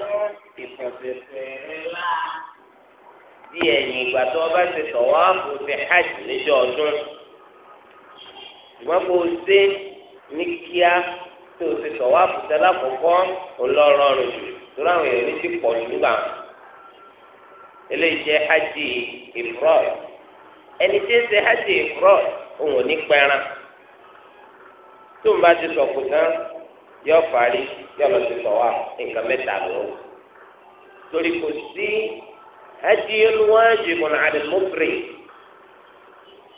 lọ ìfọ̀sẹ̀fẹ̀ ńlá. bí ẹ̀yìn ìgbà tó o bá ti tọ̀wọ́ àpò hajj lẹ́jọ́ ọdún ṣùgbọ́n kó o ní kíá tó o tó èèyàn ní ti pọ̀ nígbà ti sọ̀kù tán. yọ parí yọ lọ sí tọ́wá nǹkan mẹ́ta lọ. torí kò sí hajjiyul wajibun ala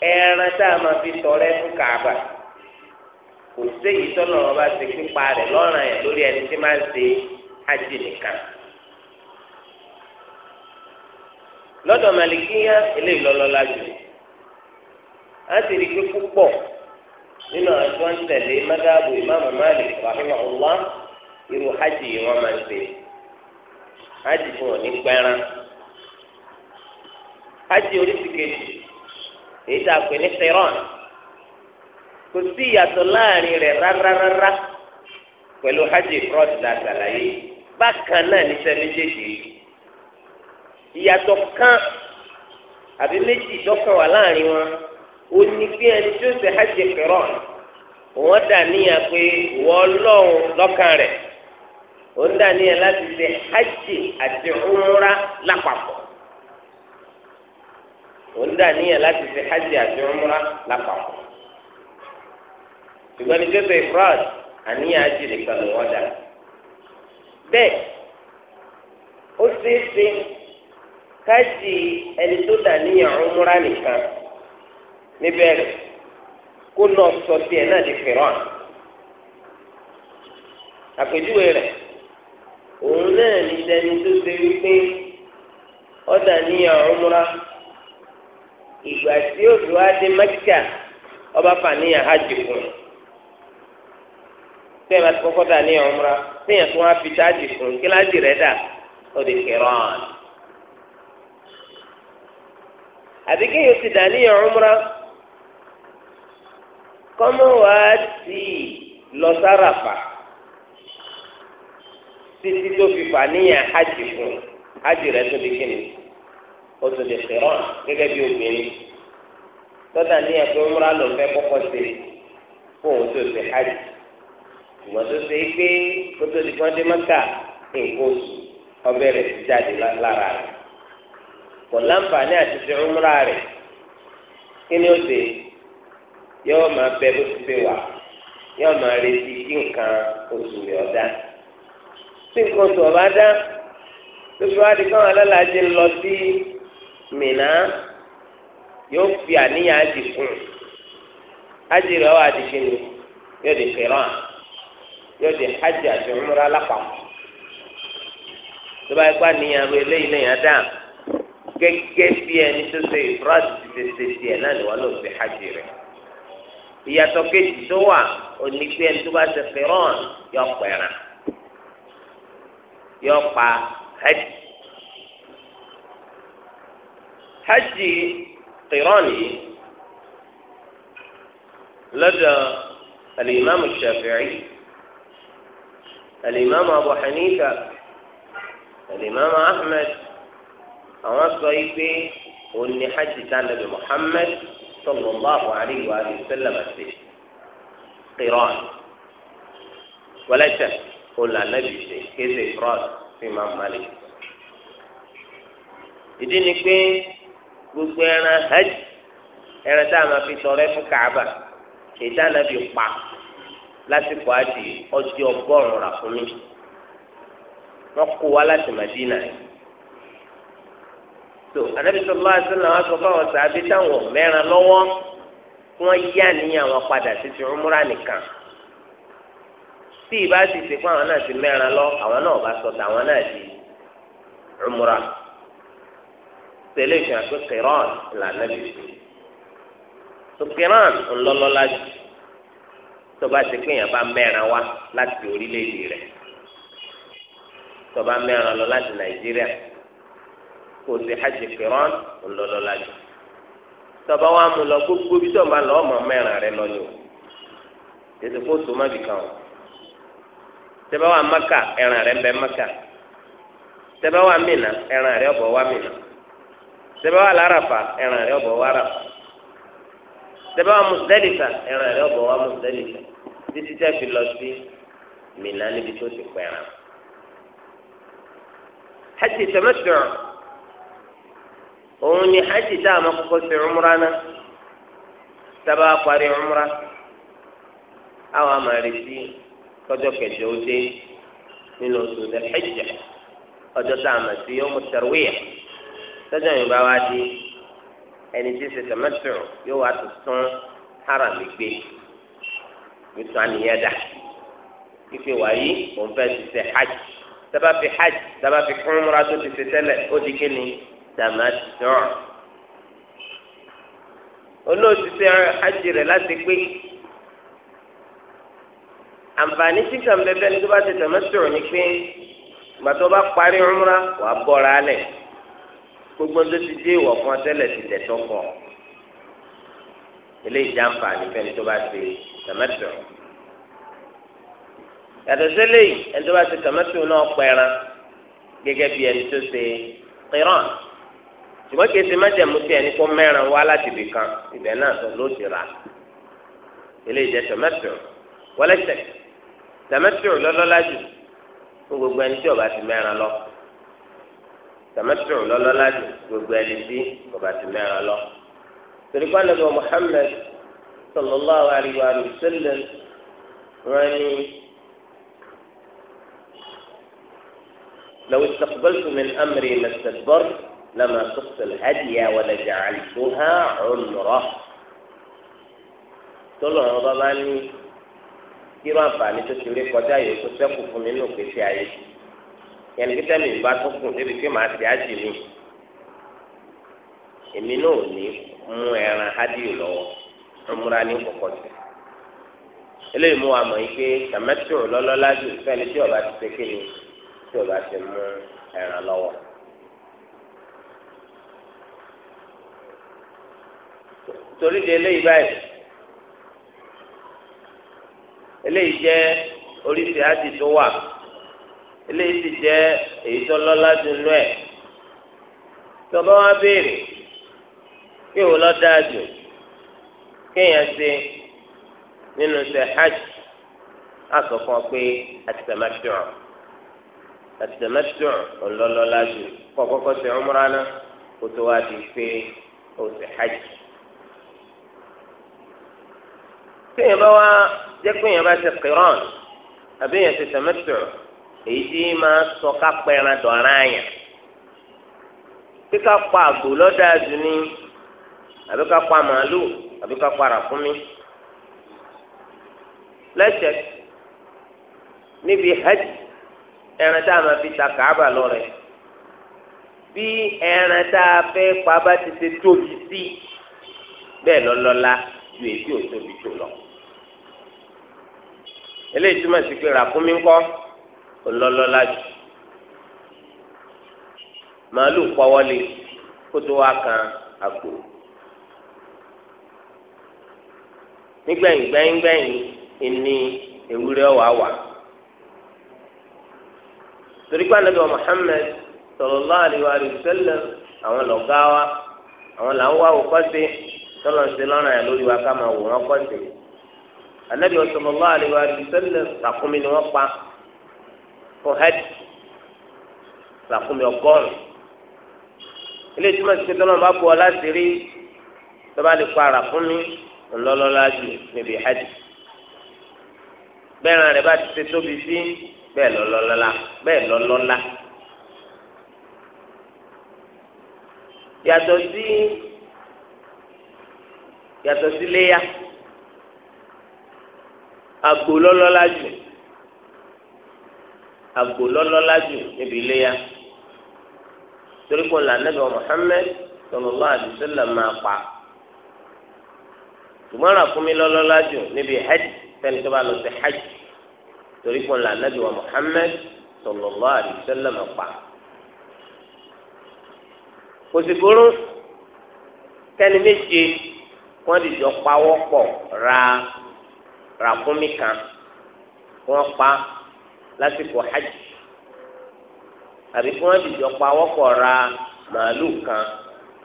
ẹran tá a máa fi tọrẹ fún kààbà kò séyìí tọ́nà ọba ti pípa rẹ̀ lọ́ràn ẹ̀ lórí ẹni tí máa ń ṣe hajj nìkan. lọ́dọ̀ màlìkíyà eléyìí lọ́lọ́lá jù á nínú àwọn magabu wọ́n ń tẹ̀lé mẹ́gàbù ìmáàmù Malik rahimahullah irú hajj yìí wọ́n máa ń ṣe hajj fún òní pẹ́ran hajj oríṣi èyí tá a pè ní tẹ̀rán kò sí ìyàtọ̀ láàrin rẹ̀ rárárárá pẹ̀lú hajj cross la ṣàlàyé bákan náà ní ìyàtọ̀ kan àbí méjì dọ́kàn wà láàrin ó ní bí ẹni tó ṣe hajj kẹrọ̀n wọ́n dà níyà pé wọ́n lọ́hùn lọ́kàn rẹ̀ ó ń dà níyà láti ṣe hajj àti umra lápapọ̀ ó ń dà níyà láti ṣe hajj àti umra lápapọ̀ ṣùgbọ́n ní tó ṣe ifrad àníyàn hajj nìkan ló wọ́n dà bẹ́ẹ̀ ó ṣeé ṣe káàdì ẹni tó dà níyà umra nìkan. níbẹ̀ kó nọ sọ tiẹ̀ náà di fìràn àpèjúwe rẹ̀ òun náà ní sẹ́ni tó ṣe wípé ọ̀dà ní àrùnmúra ìgbà tí òdò adé mẹ́kà ọba fàníyàn hajj fún un tẹ́ ẹ bá ti kọ́kọ́ dà ní àrùnmúra téèyàn tó wá fi táàjì fún un kíláàjì rẹ̀ dà ó di fìràn àbíkéyìí ó ti dà ní kọ́mọ wá sí lọ sáràfà títí tó fi fà níyàn hajj fún hajj rẹ tó di kíni o tó di xerán gẹ́gẹ́ bí obìnrin tọ́ta níyàn pé múra ló fẹ́ kọ́kọ́ ṣe kó o tó ṣe hajj ìwọ̀n tó ṣe é pé kó tó di kọ́ńdé mọ́kà nǹkan oṣù ọbẹ̀ rẹ̀ ti jáde lára rẹ̀ kò láǹfààní àti ṣe múra rẹ̀ kí ni ó ṣe yọọ máa bẹ bó ti ṣe wà yóò máa retí kí nǹkan oṣù rẹ̀ ọ̀dá tí nǹkan oṣù ọ̀bá dá lóṣù wa di káwọn alálàájẹ lọ sí Mínà yóò fi àníyàn ájì fún un ájì rẹ̀ wà dìgbì ni yóò di kẹrán yóò di hajj àti umrah lápapọ̀ tó bá yẹ kó àníyàn ro eléyìí lẹ́yìn adá gẹ́gẹ́ bí ẹni tó ṣe ìfúrásì ti ṣe tiẹ̀ ìyàtọ̀ kejì tó wà onígbé ẹni tó bá ṣe fẹ́ràn yọ pẹ̀ràn yọ pa hajj hajj fẹ́ràn yìí lọ́dọ̀ alimami shafi'i alimami abu hanifa alimami ahmed àwọn sọ yìí pé òun ni hajj tánàbí muhammed. صلى الله عليه وآله وسلم السجن قران وليس قل النبي شيء كذا إفراد في إمام مالك ìdí ni pé gbogbo ẹran hajj ẹran tá a máa fi tọrẹ fún kaaba ìdá nàbì pa lásìkò àjì ọjọ́ ọgọ́rùn-ún rà fún mi wọ́n kó wa láti Madina yìí tó anabi sọlá àtúnlá wọn sọ fáwọn sàbí táwọn mẹ́rin lọ́wọ́ kí wọn yá níyàn wọn padà sí ti rúmúrà nìkan tí ìbá sì ṣe fún àwọn náà ti mẹ́rin lọ àwọn náà bá sọ tàwọn náà di rúmúrà tẹ́lẹ̀ ìfihàn pé kẹrọn là nàbì tó kẹrọn ńlọlọlá jù tó bá ti pín yàn bá mẹ́rin wá láti orílẹ̀-èdè tó bá mẹ́rin lọ láti nàìjíríà. kò sí hajj kìrán ńlọlọlá jù tọba wa mú lọ gbogbo bí tọba lọ ọmọ mẹ́rin rẹ lọ ni o tètè kó tó má bì kan o wa maka ẹran rẹ bẹ maka tẹbẹ wa mina ẹran rẹ ọbọ wa mina tẹbẹ wa larafa ẹran rẹ ọbọ wa rafa tẹbẹ wa musdalifa ẹran rẹ ọbọ wa títí tẹ fi lọ sí mina níbi tó ti pẹ̀ràn hajj tẹmẹsùn. òun ni hajj tá a máa kọ́kọ́ ṣe umra náà sábà parí umra àwọn àmàlẹ́sí kọjọ kẹjọ ó dé nínú oṣù tẹ hijja ọjọ́ tá a mọ̀ sí yawmu tarwiya tọjọ yìí bá wá dé ẹni tí ṣe tẹmẹtìrì yóò wá tuntun harami gbé tuntun àníyàn dà ife wàyí òun fẹ́ ti ṣe hajj sábà fi hajj sábà fi kún múra tó ti ṣe tẹ́lẹ̀ ó di kíni tàmátọ̀ olóòtítẹ hajj rẹ̀ láti pé àǹfààní sísè mbẹ́bẹ́ ní tó bá ti tàmátọ̀ ní pé gbàtọ́ bá parí umra wà á bọ̀ra alẹ̀ gbogbo ń tó ti dé ìwọ̀ fún ọtẹ́lẹ̀ ti tẹ̀tọ́ kọ eléyìí já àǹfààní fẹ́ni tó bá ti tàmátọ̀ yàtọ̀ sẹ́lẹ̀ yìí ẹni tó bá ti tàmátọ̀ náà pẹ̀ran gẹ́gẹ́ bí ẹni tó ṣe qiran ṣùgbọ́n kì í ṣe májẹ̀mú tí ẹni kó mẹ́ràn wá láti ibì kan ibẹ̀ náà tó ló ti rà eléyìí jẹ́ tẹ̀mẹ́tìrì wọlẹ́sẹ̀ tẹ̀mẹ́tìrì lọ́lọ́lá jù fún gbogbo ẹni tí ó bá ti mẹ́ràn lọ tẹ̀mẹ́tìrì lọ́lọ́lá jù gbogbo ẹni tí ó ti mẹ́ràn lọ. tòlípà nàbẹ Muhammad sallallahu alayhi wa sallam wọn ni لو استقبلت من أمري ما استدبرت لما سقت الهدي ولجعلتها عمرة tọ́lọ̀ wọn bá bá ní irú àǹfààní tó ti rí kọjá yìí tó sẹ́kù fún mi nínú ìgbésí ayé yẹn ní kíkẹ́ mi bá tó kù débi pé màá ti ájì mi èmi náà ò ní mú ẹran hádìí lọ́wọ́ ọmúra ní kọ̀kọ́ jù eléyìí mú wa mọ̀ yìí pé tàmẹ́tò lọ́lọ́lá jù fẹ́ni tí ọba ti ṣe kí ni tí ọba ti mú ẹran lọ́wọ́. torí di eléyìí báyìí eléyìí jẹ́ oríṣi àti tó wà eléyìí sì jẹ́ èyí tó lọ́lá dunu ẹ̀ tó bá wá béèrè kí wò lọ́ dáa jù kéèyàn ṣe nínú ṣe hajj aṣọ kan pé àtìtàmátìrọ àtìtàmátìrọ ọlọlọlá jù kọ ṣe ọmúra náà kó tó wá di pé ó ṣe hajj. téèyàn bá wá jẹ́ pé èèyàn bá ṣe kírán àbí èèyàn ṣe tẹ̀mẹ́tọ̀ èyí tí máa sọ ká pẹran dọ̀ràn àyàn kí ká pa àgbò lọ́dà jù ní àbí ká pa màálù àbí ká para fún mi lẹ́sẹ̀ níbi hajj ẹran tá a máa fi ta kàába lọ rẹ̀ bí ẹran tá a fẹ́ pa bá ti ṣe tóbi sí bẹ́ẹ̀ lọ́lọ́lá ju èyí tí ò tóbi tó lọ eléyìí túmọ̀ sí pé ràkúnmí ńkọ́ ọlọ́lọ́lá jù màálù pọ́wọ́lé kó tó wá kan àgbò nígbẹ̀yìn gbẹ̀yìn gbẹ̀yìn ni ewúrẹ́ wà wà torí pé anabi wa Muhammad sallallahu alaihi wa sallam àwọn lọgá wa àwọn là ń wá òkọ́sí tọ́lọ̀ ń ṣe lórí wa ká máa wò wọ́n kọ́sí anabi sallallahu alaihi wa sallam ràkúnmí ni wọ́n pa fún hajj ràkúnmí ọgọ́rùn ilé ìtumọ̀ sí pé tọ́lọ́mù bá bu ọ láti rí tọ́ba lè pa ràkúnmí ńlọ́lọ́lá jù níbi hajj bẹ́ẹ̀ rẹ̀ bá ti ṣe tóbi sí bẹ́ẹ̀ lọ́lọ́lá bẹ́ẹ̀ lọ́lọ́lá. yàtọ̀ sí yàtọ̀ sí léyà àgbò lọ́lọ́lá jù àgbò lọ́lọ́lá jù níbi iléyà torí kò là nàbẹ Muhammad sallallahu alaihi wasallam máa pa ṣùgbọ́n ràkúnmí lọ́lọ́lá jù níbi hajj sẹ́ni tó bá lọ sí hajj torí kò là nàbẹ Muhammad sallallahu alaihi wasallam máa pa kò sì burú kẹ́ni méje wọ́n dìjọ pawọ́ pọ̀ ra ràkúnmí kan wọ́n pa lásìkò hajj àbí kí wọ́n dìjọ pa wọ́pọ̀ ra màálù kan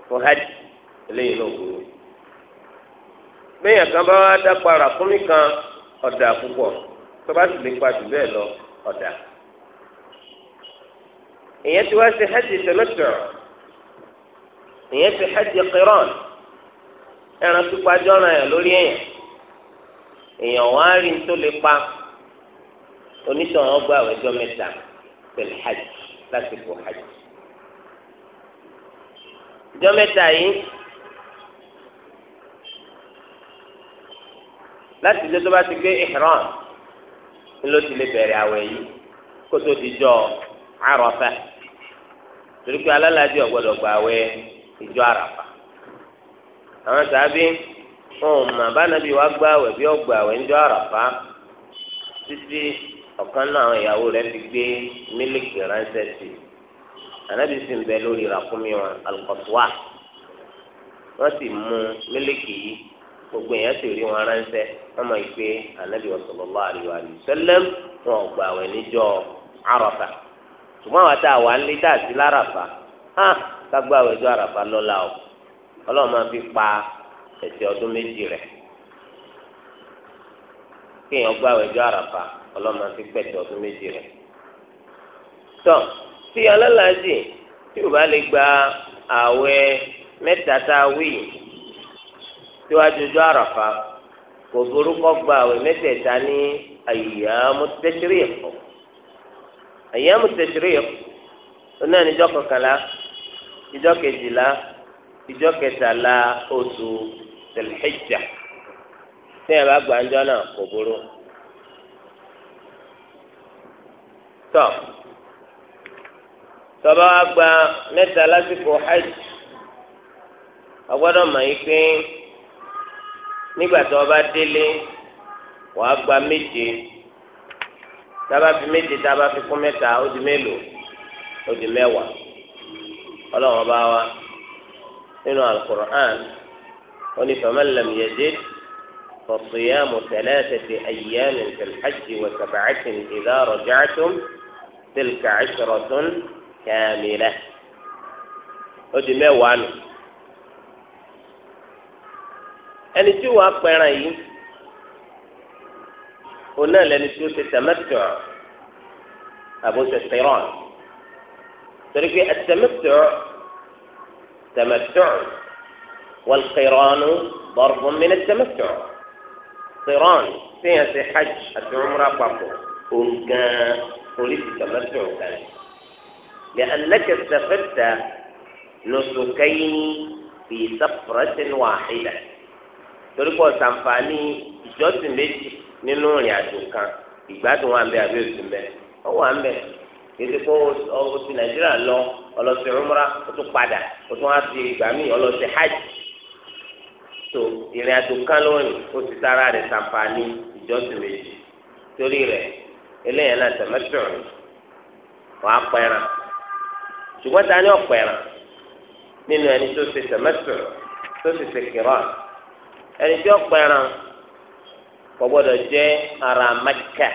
fún hajj eléyìí ló burú kan bá wá dápa kan ọ̀dà púpọ̀ tó bá sì lè pa jù lọ ọ̀dà ìyẹn ti wá sí hajj tẹlẹtọrọ ìyẹn ti hajj qiran ẹran pípa lórí èèyàn wọn á rí tó lè pa onítọ̀hún ọgbà àwọn ẹjọ́ mẹ́ta pẹ̀lú hajj láti kó hajj. ìjọ mẹ́ta yìí láti jẹ́ tó bá ti gbé ihram ńlọ ti lè bẹ̀rẹ̀ àwẹ̀ yìí kó tó di jọ Àrafà torí pé alálàájì ọ̀gbọ́dọ̀ gbà àwẹ̀ ìjọ Àrafà àwọn sàbí. wọn ò mọ abánabi wa gba àwẹ̀ bí ọgbà àwẹ̀ ń jọ àràfá títí ọ̀kan náà àwọn ìyàwó rẹ̀ fi gbé mílíkì ránṣẹ́ sí i ànábi sì ń bẹ lórí ràkúnmí wọn alùpàtúwà wọn sì mú mílíkì yìí gbogbo èèyàn sì rí wọn ránṣẹ́ wọn máa gbé ànábi sallallahu alaihi wasallam wọn ọgbà àwẹ̀ níjọ àràfá ṣùgbọ́n àwọn tá a wà ń lé tá a hàn ká gbà jọ àràfá lọ́la o ọlọ́run ẹ̀sìn ọdún méjì rẹ̀ kéèyàn gbá ẹjọ́ àràfà ọlọ́mọ fi pẹ̀sẹ̀ ọdún méjì rẹ̀ tọ́ tí alálàájì tí ò bá lè gba ààwẹ̀ mẹ́ta tá a wí síwájú ọjọ́ àràfà kò burúkọ gba ààwẹ̀ mẹ́tẹ̀ẹ̀ta ní àyàmú tashriq àyàmú tashriq náà níjọ́ kọkànlá ìjọ́ kejìlá ìjọ́ kẹtàlá oṣù tẹlifíjà tí yẹn bá gbàǹjọ náà kò burú tọ tọba wa gba mẹ́ta lásìkò hajj ọgbọ́dọ̀ mọ̀ yìí pé nígbà tó o bá délé wàá gba méje tába fi méje tába fi kún mẹ́ta ó di mélòó ó di mẹ́wàá ọlọ́run ọba wa nínú alukur'an. قل فمن لم يجد فصيام ثلاثة أيام في الحج وسبعة إذا رجعتم تلك عشرة كاملة أجمعوا ما ẹni tí wàá pẹran yìí ó náà lẹni tí ó ti tẹmẹtọ àbúṣe tẹrán أبو ti temeto pé tori والقران ضرب من التمتع قران في حج العمره فقط وكان قلت التمتع كان لأنك استفدت نسكين في سفرة واحدة torípọ̀ sàǹfààní ìjọsìn méjì nínú ìrìn àjò kan ìgbádùn wa ń bẹ àbí òsì ń bẹ ọ wà ń bẹ kété kó o ti nàìjíríà lọ ọlọsí rúmúrà o tún padà o tún wá sí ìgbà míì ọlọsí hajj tó ìrìn àjò kan lónìí ó ti sára rẹ̀ sàǹfààní ìjọsìn méjì torí rẹ̀ eléyìí náà tẹ̀mẹ́tọ̀ rẹ̀ wàá pẹ́ran ṣùgbọ́n ta ni ọ̀pẹ̀ran nínú ẹni tó ṣe tẹ̀mẹ́tọ̀ tó sì ṣe kìrọ̀ ẹni tí ọ̀pẹ̀ran kò gbọ́dọ̀ jẹ́ ara Mẹ́kà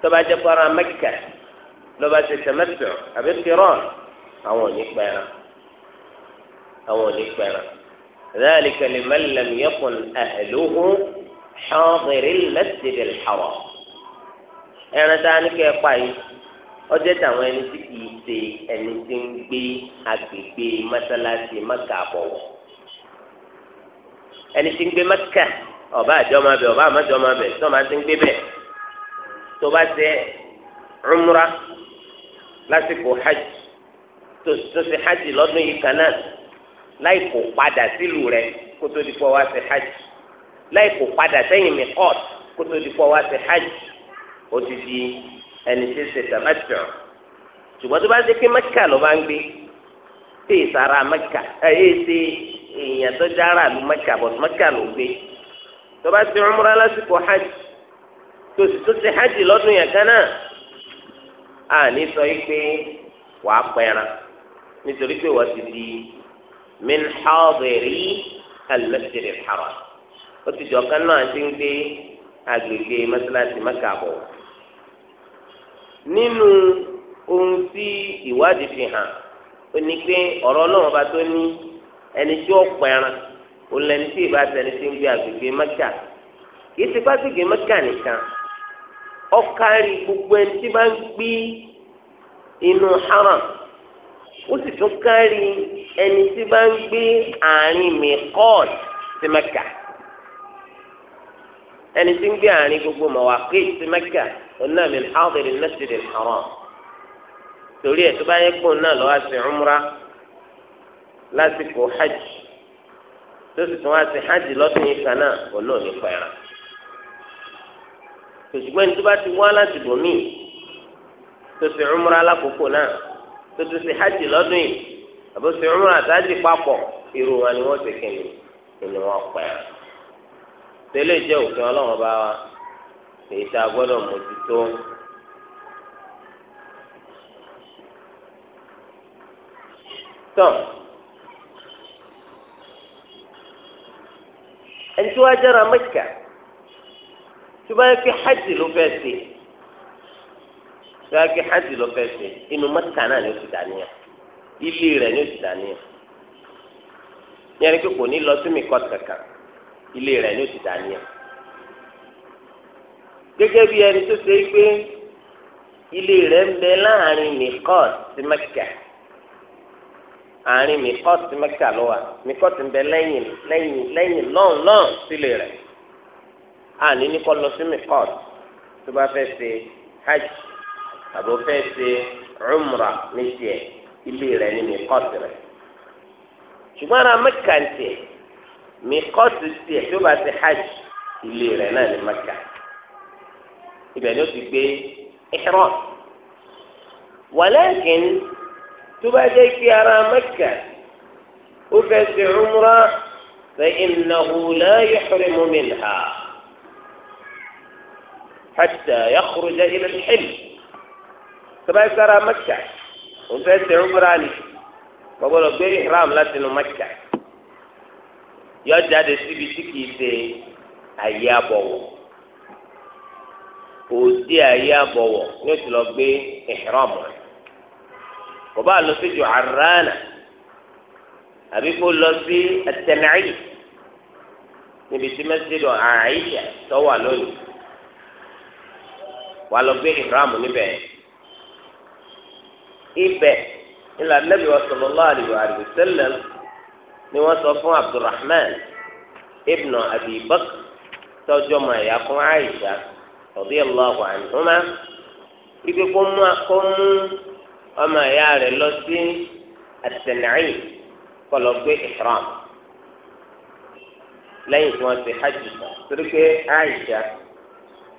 tó bá jẹ́ ara Mẹ́kà ló bá ṣe tẹ̀mẹ́tọ̀ àbí kìrọ̀ àwọn ò ní pẹ́ran àwọn ò ní pẹ̀ràn ذلك لمن لم يكن أهله حاضر المسجد الحرام ẹran tá a ní kẹ́ ẹ pa yìí ọjọ́ táwọn ẹni tí kìí ṣe ẹni tí ń gbé agbègbè mọ́sálásí mẹ́kà àbọ̀wọ̀ ẹni tí ń gbé mẹ́kà ọba àjọmọ bẹ ọba àmọjọmọ bẹ tí wọn bá ti ń gbé bẹ tó bá ṣe umra lásìkò hajj tó ṣe hajj lọ́dún yìí kan náà láì kó padà sílùú rẹ̀ kó tó di pọ̀ wá ṣe hajj láì kó padà sẹ́yìn mi kọ́t kó tó di pọ̀ wá ṣe hajj ó ti di ẹni tí ń ṣe tẹ̀mẹ́tìrì ṣùgbọ́n tó bá ṣe pé mẹ́kà ló bá ń gbé tí ìsara mẹ́kà ẹ̀ ẹ́ ṣe èèyàn tó dára lu mẹ́kà bọ̀ mẹ́kà ló gbé tó bá ṣe umrah lásìkò hajj tó sì tó ṣe hajj lọ́dún yẹn kan náà àní sọ yìí pé wàá pẹ́ran nítorí pé wọ́n ti di min xaadiri alimẹsiri xaram ó ti jọ kan náà ti ń gbé agbègbè mẹsàlásì mẹkàbọ nínú ohun tí ìwádìí fi hàn ó ní pé ọ̀rọ̀ náà bá tó ní ẹni tí ó pẹran ó lẹni tí ìbá sẹni tí ń gbé agbègbè mẹkà kì í ti bá gbègbè mẹkà nìkan ọkàrí gbogbo ẹni tí bá ń gbé inú haram ó sì tún kárí ẹni tí bá ń gbé àárín mìkọ́ọ̀t sí mẹ́kà ẹni tí ń gbé àárín gbogbo mọ̀wákì sí mẹ́kà ọ̀nà min hadir al-masjid al-haram torí ẹ̀ tó bá yẹ kó náà lọ́wọ́ sí umra lásìkò hajj tó sì tún wá sí hajj lọ́dún yìí kan náà ọ̀nà òní pẹ̀rẹ̀ tòṣùgbọ́n ní tó bá ti wá láti bòmíì tó sì umra lákòókò náà tó ti ṣe hajj lọ́dún yìí àbó ṣe umrah àtàjì papọ̀ irú wọn ni wọ́n ti kìnnì ìní wọn pẹ́ ẹ́ tẹ́lẹ̀ jẹ́ òfin ọlọ́run bá wa èyí tá a gbọ́dọ̀ mójútó. tọ́ ẹni tí wàá jára Mẹ́kà tí wàá yẹ hajj ló fẹ́ ṣe lọ́wọ́ hajj lọ fẹ́ ṣe inú mẹ́ta náà ni ó ti dàníyàn ilé rẹ̀ ni ó ti dàníyàn yẹn ni pé kò ní lọ sí mi kọ́t kankan ilé rẹ̀ ni ó ti dàníyàn gẹ́gẹ́ bí ẹni tó ṣe é pé ilé rẹ̀ ń bẹ láàrin mikọ́t sí mẹ́kà àárín mikọ́t sí mẹ́kà ló wà mikọ́t ń bẹ lẹ́yìn lẹ́yìn lẹ́yìn lọ́n lọ́n sílé rẹ̀ àní ní kọ́ lọ sí mikọ́t tó bá fẹ́ ṣe hajj. àbò fẹ́ ṣe umra ní tiẹ̀ ilé rẹ̀ ní mìkọ́tì rẹ̀ ṣùgbọ́n ara mẹ́kà ń tiẹ̀ mìkọ́tì tiẹ̀ tó bá ti hajj ilé rẹ̀ náà ní mẹ́kà ibẹ̀ ni o ti gbé ihram wàlẹ́kìn tó bá jẹ́ kí ara mẹ́kà ó fẹ́ ṣe umra فإنه لا يحرم منها حتى يخرج إلى الحلم tọ́ba ìgbára mẹ́kà òun fẹ́ tẹ̀ ọ́gbọ́ra ni gbọ́dọ̀ gbé ìhram láti nu mẹ́kà yọ jáde síbi tí kìí ṣe àyè àbọ̀wọ̀ òdi àyè àbọ̀wọ̀ ní oṣù lọ gbé ìhram rẹ̀ bàbá lọ sí ju àrànà àbí kó lọ sí àtẹnáyì níbi tí mẹsìlẹ àìyà tó wà lónìí wà lọ gbé ìhram níbẹ̀ yẹn ibẹ̀ ilà nẹ́bí wa sallallahu alaihi wa sallam ni wọ́n sọ fún abdulrahman ibn abi bakr tọ́jú ọmọ ẹ̀yà fún aisha radiyallahu anhuma ibi kó mú kó mú ọmọ ẹ̀yà rẹ̀ lọ sí at kọlọ gbé ihram lẹ́yìn tí wọ́n ti hajj torí pé aisha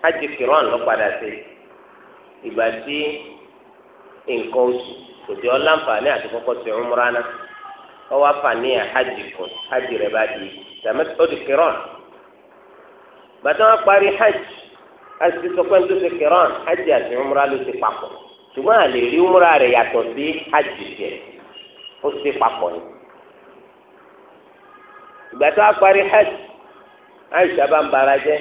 hajj kiran ló padà sí ìgbà tí. nǹkan oṣù kò sí ọláǹfààní àti kọ́kọ́ sí ọmúránà ọwọ́ hajj kù hajj bá di tàmẹ́tì ó di kìrọ̀n bàtà wọn parí hajj àti sọpẹ́ tó ti kìrọ̀n hajj àti ọmúrá ló ti papọ̀ ṣùgbọ́n àlè rí yàtọ̀ sí hajj jẹ ó ti papọ̀ ni a parí hajj Aisha bá ń bara jẹ́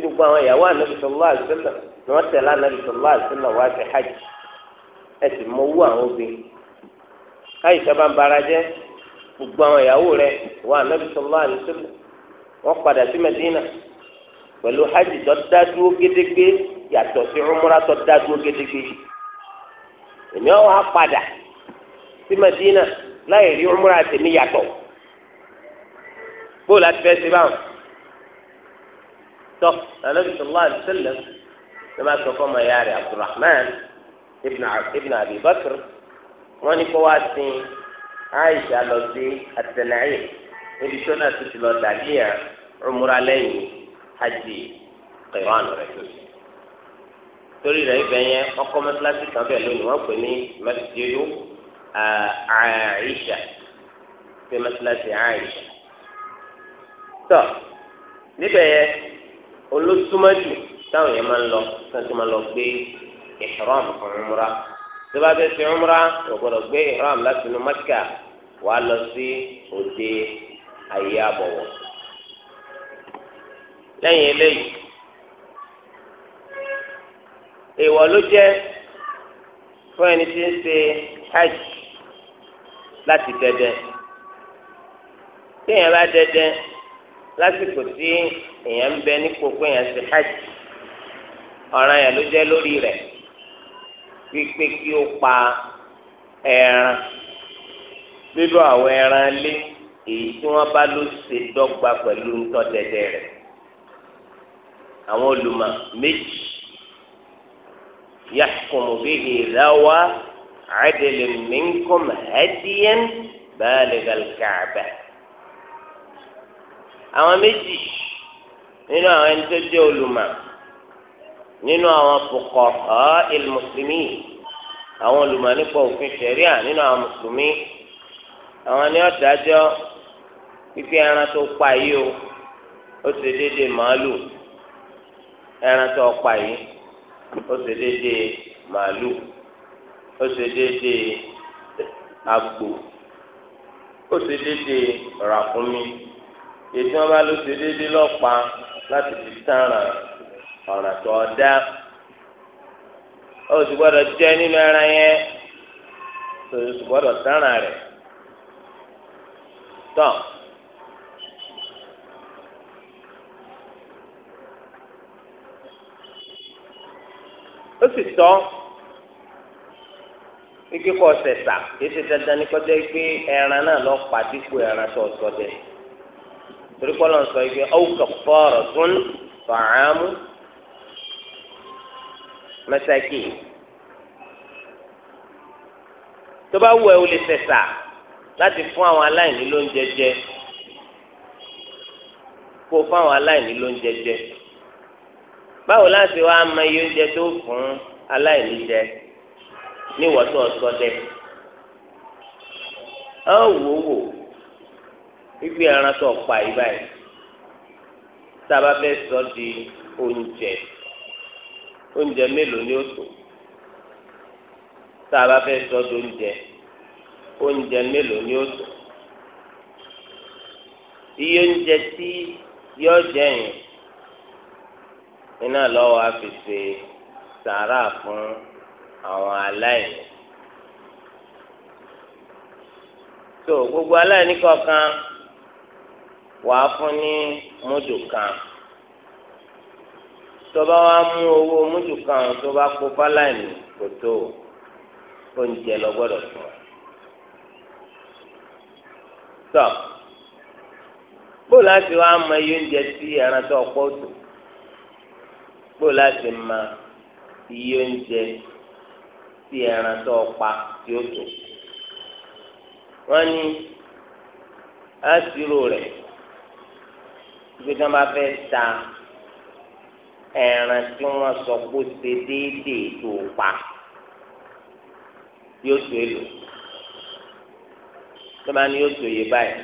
gbogbo àwọn ìyàwó Ànábì sallallahu ni wọ́n tẹ̀lé hajj. ẹ sì mọ owó àwọn obìnrin káyìíṣẹ́ bá ń bara jẹ́ gbogbo àwọn ìyàwó rẹ̀ wà ànábì sallallahu alaihi wasallam wọ́n padà sí Mẹ́dínà pẹ̀lú hajj tó dá dúró gédégbé yàtọ̀ sí umra tó dá dúró gédégbé èmi ọ̀ wá padà sí Mẹ́dínà láì rí umra tèmi yàtọ̀ bó láti fẹ́ ṣe báwọn tọ́ ànábì sallallahu alaihi wasallam ló máa sọ ìyá rẹ̀ Abdulrahman ibn abi bakr wọ́n ní kó wá sin aisha lọ sí atẹnayé níbi tó náà tuntun lọ dàgíyà umra lẹ́yìn hajj qiran rẹ̀ tó sí torí rẹ̀ ibẹ̀ yẹn ọkọ mẹsàlásì kan bẹ́ẹ̀ lónìí wọ́n pè ní masjidu uh, aisha pé mẹsàlásì aisha tọ níbẹ̀ yẹn olóṣùmọ́jù táwọn yẹn máa ń lọ tí wọ́n máa lọ gbé ihram fún umra tó bá fẹ́ ṣe umra o gbọ́dọ̀ gbé ihram láti inú Mẹ́kà wàá lọ sí òde ayé àbọ̀wọ̀ lẹ́yìn eléyìí èèwọ̀ ló jẹ́ fún ẹni tí ń ṣe hajj láti dẹdẹ téèyàn bá dẹdẹ lásìkò tí èèyàn ń bẹ nípò pé èèyàn ṣe hajj ọ̀ràn yẹn ló jẹ́ lórí rẹ̀ wípé kí ó pa ẹran lílo àwọn ẹran lé èyí tí wọ́n bá ló ṣe dọ́gba pẹ̀lú ntọdẹdẹ rẹ̀ àwọn olùmọ̀ méjì yàtọ̀mù bíi ìdáwà àdèlè minkum hadiyan baligal Ka'bah àwọn méjì nínú àwọn ẹni tó jẹ́ olùmọ̀ nínú àwọn fuqaha al-muslimi àwọn olùmọ̀nípa òfin ṣẹ̀ríà nínú àwọn mùsùlùmí àwọn ni ó dájọ́ pípé ẹran tó pa yìí o ó ṣe déédéé màálù ẹran tó pa yìí ó ṣe déédéé màálù ó ṣe déédéé àgbò ó ṣe déédéé ràkúnmí ètò wọn bá ló ṣe déédéé lọ́pàá láti fi tán ara rẹ̀. ọ̀nà tó dá o sì gbọ́dọ̀ jẹ nínú yẹn o sì gbọ́dọ̀ dáràn rẹ̀ tán. o sì tọ́ ike kọ sẹ̀sà kì í dandan ní kọjá pé ẹran náà lọ pàdé kó ẹran tó sọ torí kọ́ sọ pé mẹsàkì tó bá wù ẹ́ o lè fẹsà láti fún àwọn aláìní lóúnjẹ jẹ kó fún àwọn aláìní lóúnjẹ jẹ báwo láti wá mọ iye oúnjẹ tó fún aláìní jẹ ní ìwọ́sọ̀ ọ̀sọ́ dẹ ọ wò ó wò wípé ẹran tó pa yìí báyìí tá a bá fẹ́ sọ di oúnjẹ oúnjẹ mélòó ni ó tó tá a bá fẹ́ sọ́dọ̀ oúnjẹ oúnjẹ mélòó ni ó tó iye oúnjẹ tí yóò jẹ yẹn iná lọ́wọ́ á fi ṣe sàárà fún àwọn aláìní. tó gbogbo aláìní kọ̀ọ̀kan wàá fún ní mọ́tò kan. So, tọba wa mú owó mútu kan tó bá kó fáláìní kò tó oúnjẹ lọ gbọ́dọ̀ fún wa. tọ bó láti wá mọ iye oúnjẹ tí ẹran tó pọ̀ tó bó láti mọ iye oúnjẹ tí ẹran tó pa tí ó tó wọn ní á sírò rẹ gbẹdọmọ afẹ ta ẹran tí wọ́n sọ pé ṣe déédéé tó pa yóò tó èlò tó máa ní yóò tó yé báyìí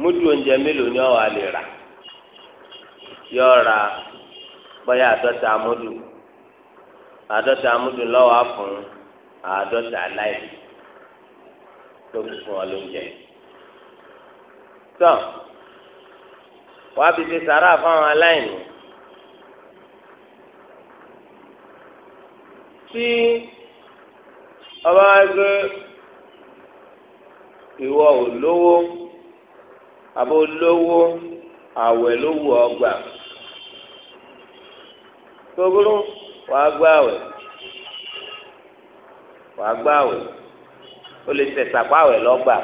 múdù oúnjẹ mélòó ni ọ̀wà lè rà yóò ra bóyá àádọ́ta múdù àádọ́ta múdù lọ́wọ́ fún àádọ́ta láìpẹ́ tó fi fún ọ lóúnjẹ tán wàá fi ṣe sàrà fáwọn aláìní. tí ọba ẹgbẹ́ ìwọ ò lówó àbò lówó àwẹ̀ ló wù ọ́ gbà gbogbo wàá gbà wẹ̀ wàá gbà wẹ̀ o lè tẹ̀sà pa àwẹ̀ lọ́gbà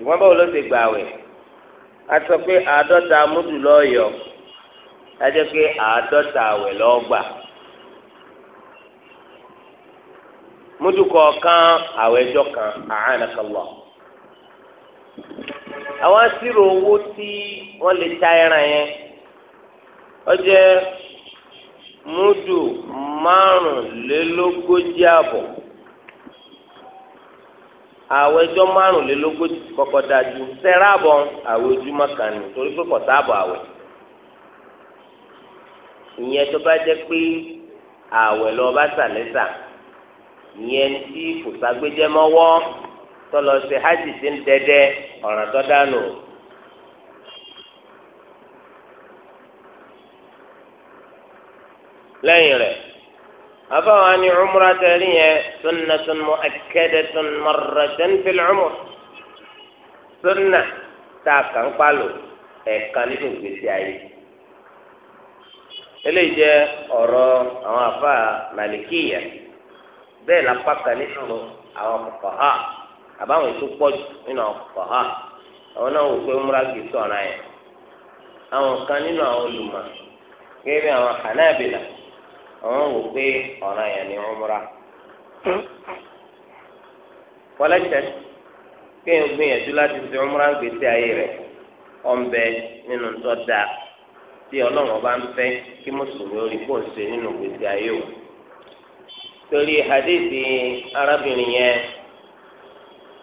ìwọ́n báwo ló ti gbà wẹ̀ a sọ pé àádọ́ta múdù lọ́ọ̀yọ́ a jẹ́ pé àádọ́ta àwẹ̀ lọ́gbà. mójúkọ kan àwọn kan àánakalọ. àwọn asírò owó tí wọ́n lè ta ẹran yẹn ó jẹ́ márùnlélógójì àbọ̀ àwọn márùnlélógójì kọ́kọ́ dájú sẹ́ráàbọ̀ àwọn ojúmọ́ torí pé kọ̀tàbọ̀ àwẹ̀ ìyẹn tó bá pé bá sà. ìyẹn tí kò ságbéjẹ mọ́wọ́ tọlọ ṣe hajj ti ń dẹdẹ ọ̀ràn tó dànù. lẹ́yìn rẹ̀ afáwọn ni umra tẹ̀lé yẹn sunnatun mu'akkadatun marratan fil umr sunna tá a kàn palo ẹ̀ẹ̀kan nínú ìgbésí ayé eléyìí jẹ́ ọ̀rọ̀ àwọn afá bẹ́ẹ̀ la pàkà nínú àwọn kọ̀kọ̀ ha àbáwọn ètò pọ̀jù nínú àwọn kọ̀kọ̀ ha àwọn náà wò pé múra kì í sọ̀ra yẹn àwọn kan nínú àwọn olùmọ̀ gẹ́gẹ́ àwọn Hanabila àwọn wò pé ụgbọ yẹn ni wọ́n múra. kọ́lẹ́tẹ̀ kéèyàn gbìyànjú láti fi múra gbèsè ayé rẹ̀ ọ̀nbẹ nínú tí ọlọ́run bá ń fẹ́ kí mùsùlùmí ṣe nínú torí hadithi arábìnrin yẹn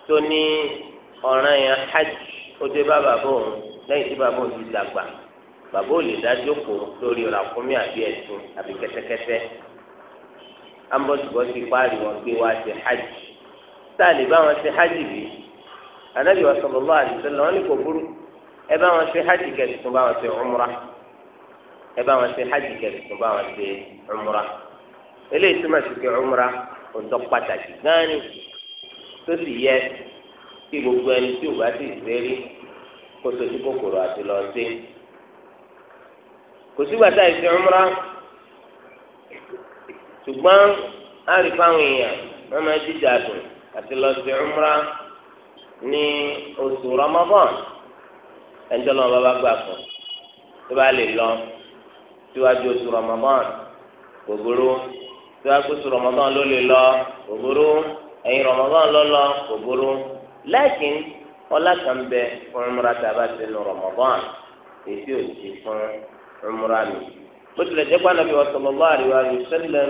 tó ní ọ̀ràn yẹn hajj ó dé bá bàbá òun lẹ́yìn tí bàbá òun ti dàgbà bàbá ò lè dá jókòó lórí ràkúnmí àbí ẹṣin àbí kẹ́tẹ́kẹ́tẹ́ ambọ̀sibọ̀sì parí wọn gbé wá sí hajj sáà lè bá wọn ṣe hajj bí anabi wa sallallahu alaihi wasallam wọn ní kò burú ẹ bá wọn ṣe hajj kẹsì bá wọn ṣe umrah ẹ bá wọn ṣe hajj kẹsì bá wọn ṣe umrah eléyìí túmọ̀ sí pé umra ọ̀dọ́ pàtàkì gan ni tó sì yẹ kí gbogbo ẹni tí ò bá ti sẹ́rí kó sojú kòkòrò àti lọ sí. kò sígbà tá ìṣe umra ṣùgbọ́n a rí fáwọn èèyàn wọ́n máa jíjà dùn àti lọ sí umra ní oṣù Ramadan ẹnjọ́ náà bá bá gbà fún tó bá lè lọ síwájú oṣù Ramadan kò tí wàá gbèsè rọmọdán ló lè lọ òbúrú ẹ̀yìn rọmọdán ló lọ òbúrú lẹ́kìn ọlá kan bẹ fún umra tàbá ti nu rọmọdán èsì òsì fún umra mi bó tilẹ̀ jẹ́ pé anabi sallallahu alaihi wa sallam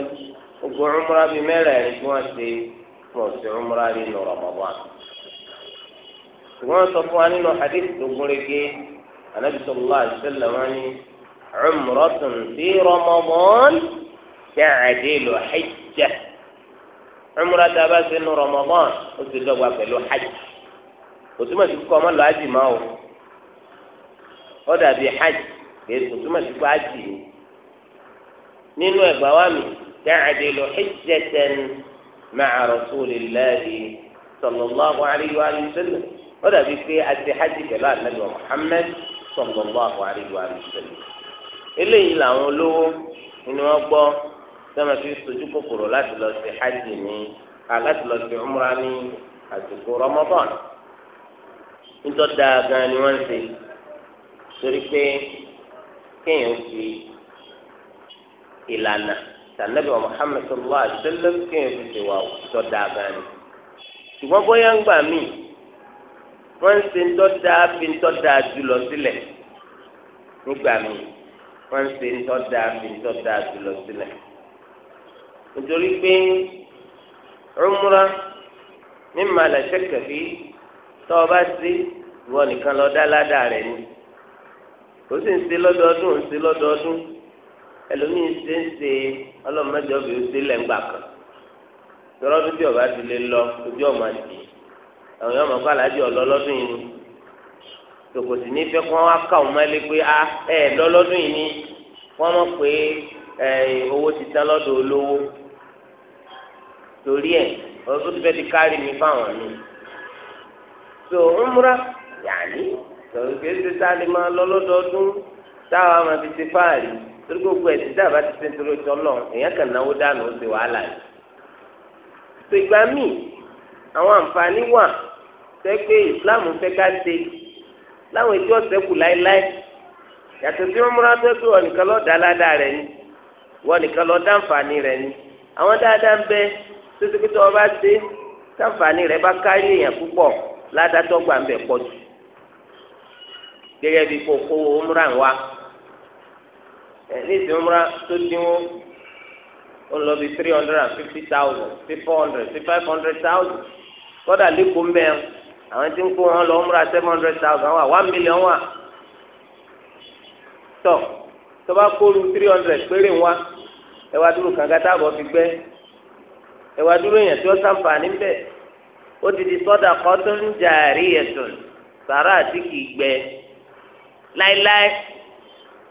gbogbo umra bíi mẹ́rẹ̀ẹ̀rin tí wọ́n ṣe fún ọ̀sẹ̀ umra rí nu rọmọdán ṣùgbọ́n sọ fún wa nínú hadith tó gúnrégé anabi sallallahu alaihi wa sallam wọn ni ta'dilu hajjah umra tá a bá ṣe nu Ramadan ó ti dọ́gba pẹ̀lú hajj kò túmọ̀ sí kọ́ ọmọ lọ hajj má o ó dàbí hajj kò túmọ̀ sí kọ́ hajj nínú ẹ̀gbá wa mi ta'dilu hajjatan ma'a rasulillahi sallallahu alayhi wa sallam ó dàbí pé a ti hajj pẹ̀lú ànábì Muhammad sallallahu alayhi wa sallam eléyìí làwọn olówó ni wọ́n gbọ́ sọ́mà fi sojú kòkòrò láti lọ sí hajj ní láti lọ sí umra ní àsìkò Ramadan nítorí dáa gan ni wọ́n ń ṣe torí pé kéèyàn fi ìlànà sànàbí wa Muhammad sallallahu alaihi wa sallam kéèyàn fi ṣe wà tó dáa gan ni ṣùgbọ́n bóyá ń gbà míì wọ́n ń ṣe ńtọ́ dáa fi ńtọ́ dáa jùlọ sílẹ̀ nígbà míì wọ́n ń ṣe ńtọ́ dáa fi ńtọ́ dáa jùlọ sílẹ̀ nítorí pé umra mímà làṣẹ kẹfì tó o bá sí ìwọ nìkan lọ dá ládàá rẹ ni kò sì ń ṣe lọ́dọọdún ń ṣe lọ́dọọdún ẹlòmíín ṣe ń ṣe ọlọ́mọdé ọbẹ̀ ó ṣe lẹ́ngbà kan tọ́lọ́dún tí ọba ti lè lọ ojú ọmọ àti àwọn yọmọ kọ́ aláàjì ọlọ́lọ́dún yìí ni tòkòtì ní fẹ́ kí wọ́n á kà wọ́n pé a ah, ẹ̀ lọ́lọ́dún yìí ni wọ́n mọ̀ pé owó ti tán lọ́dọ̀ olówó torí ẹ̀ ọdún tó fẹ́ ti kárí mi fáwọn mi so umra yàní tọ̀rọ̀ kí ẹsẹ̀ tá a lè máa lọ lọ́dọọdún táwa máa fi ṣe fáàrí torí gbogbo ẹ̀sìn tá a bá ti ṣe nítorí ọjọ́ lọ èèyàn kàn náwó dànù ó ṣe wàhálà yìí so ìgbà míì àwọn àǹfààní wà tẹ́ pé Islam fẹ́ ká ṣe láwọn ètò ọ̀sẹ̀ kù láéláé yàtọ̀ sí umra tó pé wọn nìkan lọ́ọ́ dá ládàá rẹ̀ ni wọn nìkan lọ́ọ́ dá àǹfààní rẹ̀ ni àwọn dáadáa ń bẹ tuntun tó o bá ṣe káfààní rẹ bá kárí èèyàn púpọ̀ ládàtọ́ gbà ń bẹ̀ pọ̀ jù gẹ́gẹ́ bí kò kó múra wa ní ìsìn múra tó dínwó ó lọ bí three hundred and fifty thousand sí four hundred sí five hundred thousand kọ́dà lẹ́kọ̀ọ́ mẹ́rin àwọn tí ń kó wọn lọ múra seven hundred thousand wà one million wà tọ́ tó bá kóru three hundred péré wa ẹ wá dúró kàńgá táàbọ̀ fi gbẹ́. ẹwà dúró yẹn tí ó sàǹfààní ó ti di sọ́dà kọ́tún jàríyẹ̀tún sàrà àti kì í gbẹ láéláé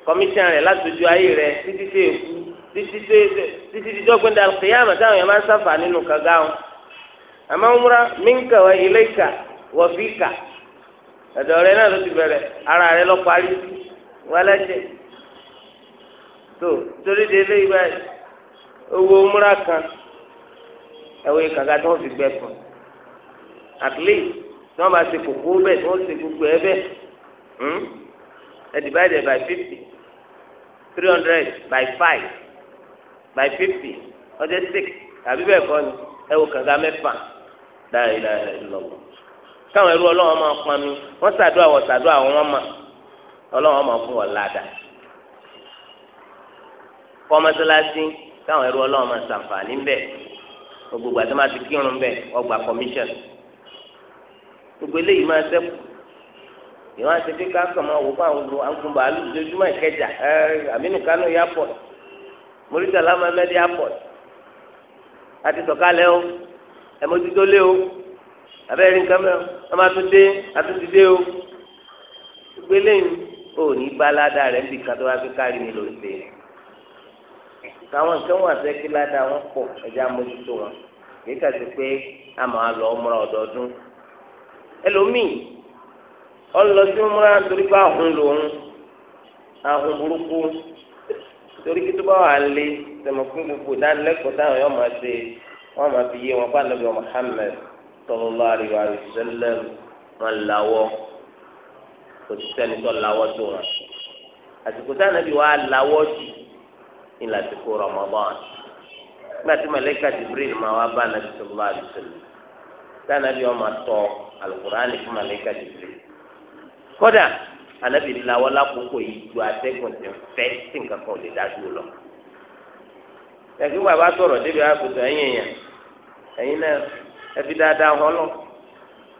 kọmíṣán rẹ̀ látòjú ayé rẹ̀ títí tó èkú títí tó èkú títí tó dọ́gbọ́n dà kéyàmà táwọn yẹn máa ń sàǹfààní nù kàgá wọn. àmọ́ múra mínkà ilé ìkà wọ̀ fi kà náà ló ti bẹ̀rẹ̀ ara rẹ̀ lọ parí wọlé tó torí délé ìgbà owó múra kan. ẹwé kàkà tó fi gbẹ kàn at least tí wọn bá ṣe kókó bẹ́ẹ̀ tí wọn ṣe gbogbo ẹ bẹ́ẹ̀ hmm? ẹ divide by fifty three hundred by five by fifty ọjọ́ six tàbí bẹ́ẹ̀ kọ́ ni ẹ wò kàkà mẹ́fà dáhìí dáhìí lọ́wọ́ káwọn ẹrú ọlọ́wọ́ máa pọn mi wọ́n ṣàdúrà wọ́n ṣàdúrà wọ́n mà ọlọ́wọ́ máa fún wọn láàdá kọ́ mọ́sálásí káwọn ẹrú ọlọ́wọ́ máa ṣàǹfààní bẹ́ẹ̀ gbogbo ìgbà tó máa ti kírun bẹ́ẹ̀ ọgbà commission gbogbo eléyìí máa ṣẹ́kù ìwọ́n àti pé káàkiri máa wò fún àwọn àgùn bàálù lójúmọ́ ìkẹjà ẹ Aminu Kano airport Muritala Mohammed airport àti sọ̀kalẹ̀ o ẹ̀mọ́tútó lé o abẹ́rẹ́ nǹkan o ọmọ àtúndé àtúndé o gbogbo eléyìí ò ní bá aládàá rẹ̀ ń bì kan tó wá fi kárí mi lòún táwọn nǹkan wà sẹ́kí ládàá wọn pọ̀ ẹ̀jẹ̀ amójútó wọn kì í kàti pé a máa lọ ọmọra ọ̀dọ́ọdún ẹlòmíì ọlọ tí wọn múra nítorí pé ahun lòun ahun burúkú torí kí tó bá wà lé tẹmọkún gbogbo dánilẹ́kọ̀ọ́ táwọn yóò máa ṣe wọn máa fi yé wọn bá nàbẹ Muhammad sallallahu alaihi wa wọn làwọ kò sí sẹ́ni tó làwọ tó wọn àsìkò táwọn nàbẹ wà làwọ jù ìlà ti kó Ramadan nígbà tí mẹlẹka Jibril máa wá bá anabi sallallahu alaihi wasallam tí anabi wọn máa tọ alukur'ani fún mẹlẹka Jibril kódà anabi lawọ lákòókò yìí ju atẹ́gùn ti ń fẹ́ tí nǹkan kan ò lè dájú lọ ẹgbẹ́ bàbá sọ̀rọ̀ débi àkùtà ẹ̀yìn yẹn ẹ̀yin náà ẹfi dáadáa hàn lọ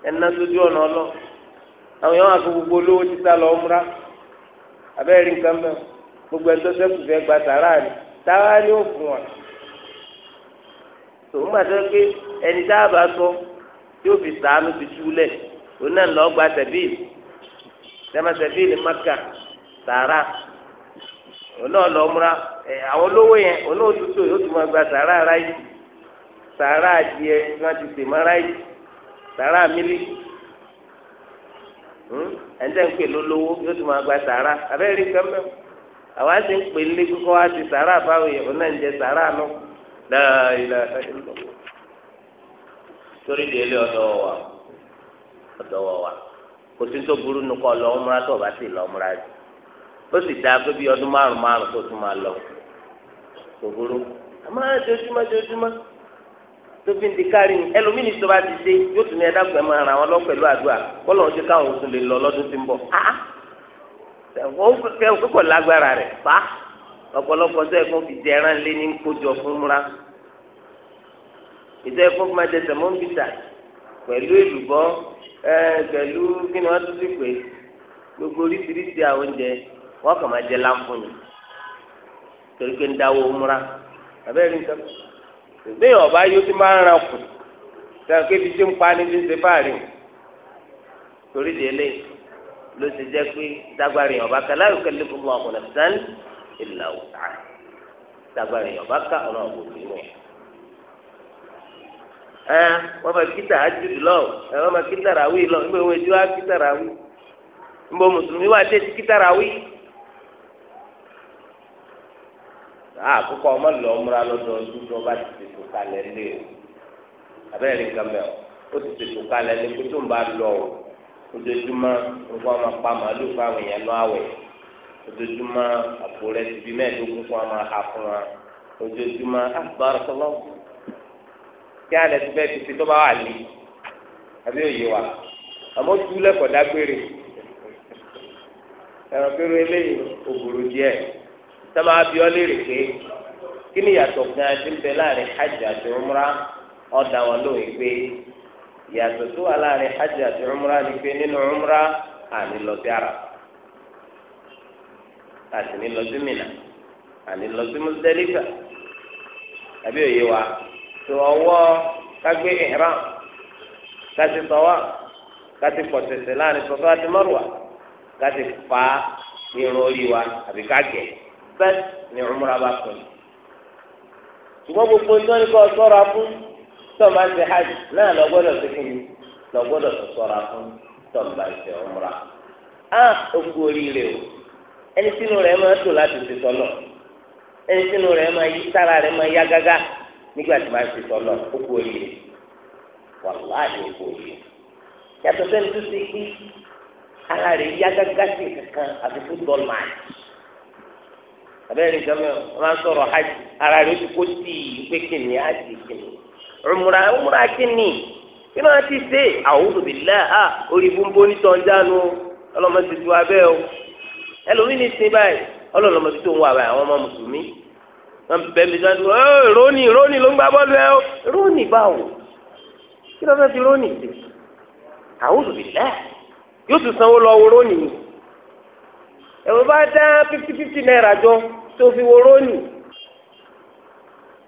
ẹ̀ná sójú ọ̀nà ọlọ àwọn yẹn wọn àfi gbogbo olówó títà lọ ọmúra abẹ́rẹ́ nǹkan bẹ́ẹ̀ gbogbo ẹni tó sẹ́kù fẹ́ gba sàrà ni táwa ni ó fún wa tòun bá sọ pé ẹni tá a bá sọ tí ó fi sàánú ti túlẹ̀ òun náà lọ́ọ́ gba sẹ̀bíìlì sẹ́mà sẹ̀bíìlì maka sàrà òun náà lọ́ọ́ múra àwọn olówó yẹn òun náà tún tó yóò tún máa gba sàrà ráì sàrà adìẹ tí wọ́n ti sè má ráì sàrà mílíkì hmm? ẹ̀ńtẹ́ ń pè lólówó yóò tún máa gba sàrà abẹ́rẹ́ kẹ́mẹ́ àwa ti ń pè lé kíkọ́ wa ti sàrà báwo yẹn ọ̀nà ìjẹ sàrà nù láìlà torí délé ọ̀dọ̀ wa ọ̀dọ̀ wa kò sí tó burú nu kọ́ lọ ọmúra tó o bá sì lọ ọmúra jù ó sì dáa pé bí ọdún márùn márùn tó tún máa lọ kò burú àmọ́ ẹjọ́júmọ́ ẹjọ́júmọ́ tó fi ń di kárí ni ẹlòmíì ní tó bá ti dé yóò tún ní ẹ̀dá pẹ̀lú ara wọn lọ pẹ̀lú àdúrà kọ́ lọ́n ti káwọn oṣù lè lọ lọ́dún tí ń bọ̀ áá kókò lágbára rẹ̀ fa ọ̀pọ̀lọpọ̀ tó ẹ̀kọ́ fi jẹ ẹran lé ní kójọ fún múra ìtọ́ ẹ̀kọ́ fún máa jẹ tẹ̀mọ́ǹpìtà pẹ̀lú èlùbọ́ pẹ̀lú kí ni wọ́n tún sí pé gbogbo oríṣiríṣi àwọn oúnjẹ wọ́n kàn máa jẹ láǹfọ̀nì torí pé ń dáwọ́ múra àbẹ́rẹ́ nǹkan bí ọba yóò ti máa ń ran kù sẹ́wọ̀n kébi tí ń pa níbi ń ṣe báàrin torí di eléyìí ló ṣe jẹ́ pé dágbára èèyàn bá ká la yukallifu nafsan illa wus'aha dágbára èèyàn bá ká ọlọ́run kò fi wọ̀. ẹ wọ́n fẹ́ kíta ájúdù lọ ẹ wọ́n fẹ́ kíta ràwí lọ nígbà wọn ètò kíta ràwí nígbà mùsùlùmí wà dé ti kíta ràwí. àkókò ọmọ lọ múra lọ́dọọdún tó bá ti tètè kalẹ̀ lé o abẹ́rẹ́ nǹkan mẹ́ o ó ti tètè kalẹ̀ lé kó tó ń bá lọ o ojoojúmọ́ nǹkan máa pa màálù fún àwọn èèyàn lọ àwẹ̀ ojoojúmọ́ àpò rẹ ti bí mẹ́ẹ̀ẹ́dógún fún àwọn àhà fún wa ojoojúmọ́ àgbàrá ah, sọlọ kí alẹ́ ti bẹ́ẹ̀ títí tó bá wà lé àbí òye wa àmọ́ tú lẹ́kọ̀ọ́ dágbére ẹ̀rọ pé eléyìí òbòrò díẹ̀ sábà bí ọ léèrè pé kí ni ìyàtọ̀ kan ti ń bẹ láàrin hajj àti umra ọ̀dà wọn lóye pé ìyàtọ̀ tó wà láàrin hajj àti umra ni pé nínú umra àní lọ sí Arafa àti ní lọ sí Mina àní lọ sí Muzdalifa àbí òye wa tó ọwọ́ kágbé ihram kásì tọwọ́ kásì pọ̀tẹ̀sẹ̀ láàrin Safa àti Marwa kásì fa irun orí wa àbí kágẹ̀ bẹ́ẹ̀ ni umra bá pẹ̀lú ṣùgbọ́n gbogbo ní kọ́ sọ́ra fún tó máa ń ṣe hajj náà lọ gbọ́dọ̀ ṣe kí ni lọ gbọ́dọ̀ tó ṣọ́ra fún tó máa ń ṣe ọmọra á ogun oríire o ẹni sínú rẹ̀ máa tó láti ṣe sọlọ ẹni sínú rẹ̀ máa yí sára rẹ̀ máa yá gágá nígbà tí máa ṣe sọlọ ogun oríire wàláàdì ogun oríire yàtọ̀ sẹ́ni tó ṣe kí ara rẹ̀ yá gágá sí kankan àti fútbọ́ọ̀lù máa abẹ́rẹ́ nìkan mẹ́rin máa sọ̀rọ̀ hajj ara rẹ̀ ti kó tì pé kìnìún hajj kìnìún umra umra kínní kí ló ń ti ṣe a'udhu billahi à orí búnbó nítọ́jánu ọlọ́mọ ti tu abẹ́ o ẹlòmí ní sin báyìí ọlọ́lọ́mọ ti tó ń wà báyìí àwọn ọmọ mùsùlùmí wọn bẹ mi sọ ẹ rónì rónì ló ń gbá bọ́ọ̀lù ẹ o rónì báwo kí ló fẹ́ fi rónì ṣe a'udhu billahi yóò tún sanwó lọ wo rónì ẹ̀rọ bá dá fifty fifty náírà jọ tó fi wo rónì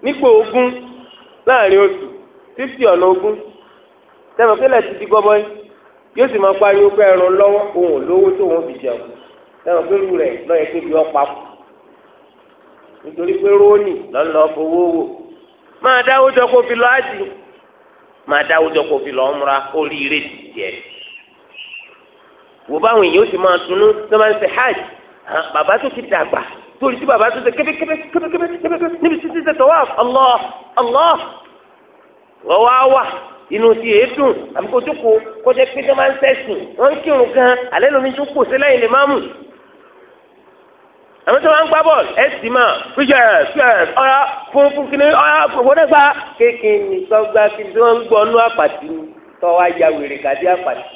nípò ogún láàrin oṣù fífi ọ̀nà ogún tẹ́lẹ̀ kílẹ̀ ti di gbọ́bọ́ yìí yóò sì máa pariwo pé ẹran lọ́wọ́ òun lówó tó òun fi jẹun tẹ́lẹ̀ pé irú rẹ̀ lọ́yẹ pé bí ọ̀pá kù nítorí pé róònì lọ́nà fowó wò máa dáwó jọ kó fi lọ ájì máa dáwó jọ kó fi lọ ọmúra oríire jẹ wò báwọn èèyàn ó sì máa tunú tó máa ń ṣe hajj bàbá tó ti dàgbà torí tí bàbá tó ṣe kébékébé kébékébé kébékébé níbi títí ṣe tawaf Allah Allah wọ́n wá wà inú ti yé dùn àbí kò tó kó kọjá pé tó máa ń sẹ́sìn wọ́n ń kírun gan alẹ́ lómi tó kò sí lẹ́yìn lè má mú. àwọn tó máa ń gbá bọ́ọ̀lù ẹ̀sì mà fíjẹ̀rẹ̀ fíjẹ̀rẹ̀ ọ̀yà fún fún kí ni ọ̀yà dẹ́gbà kéèké ní sọ́gbà kí ni wọ́n ń gbọ́ nú àpàtì tọ́ wa ya kàdé àpàtì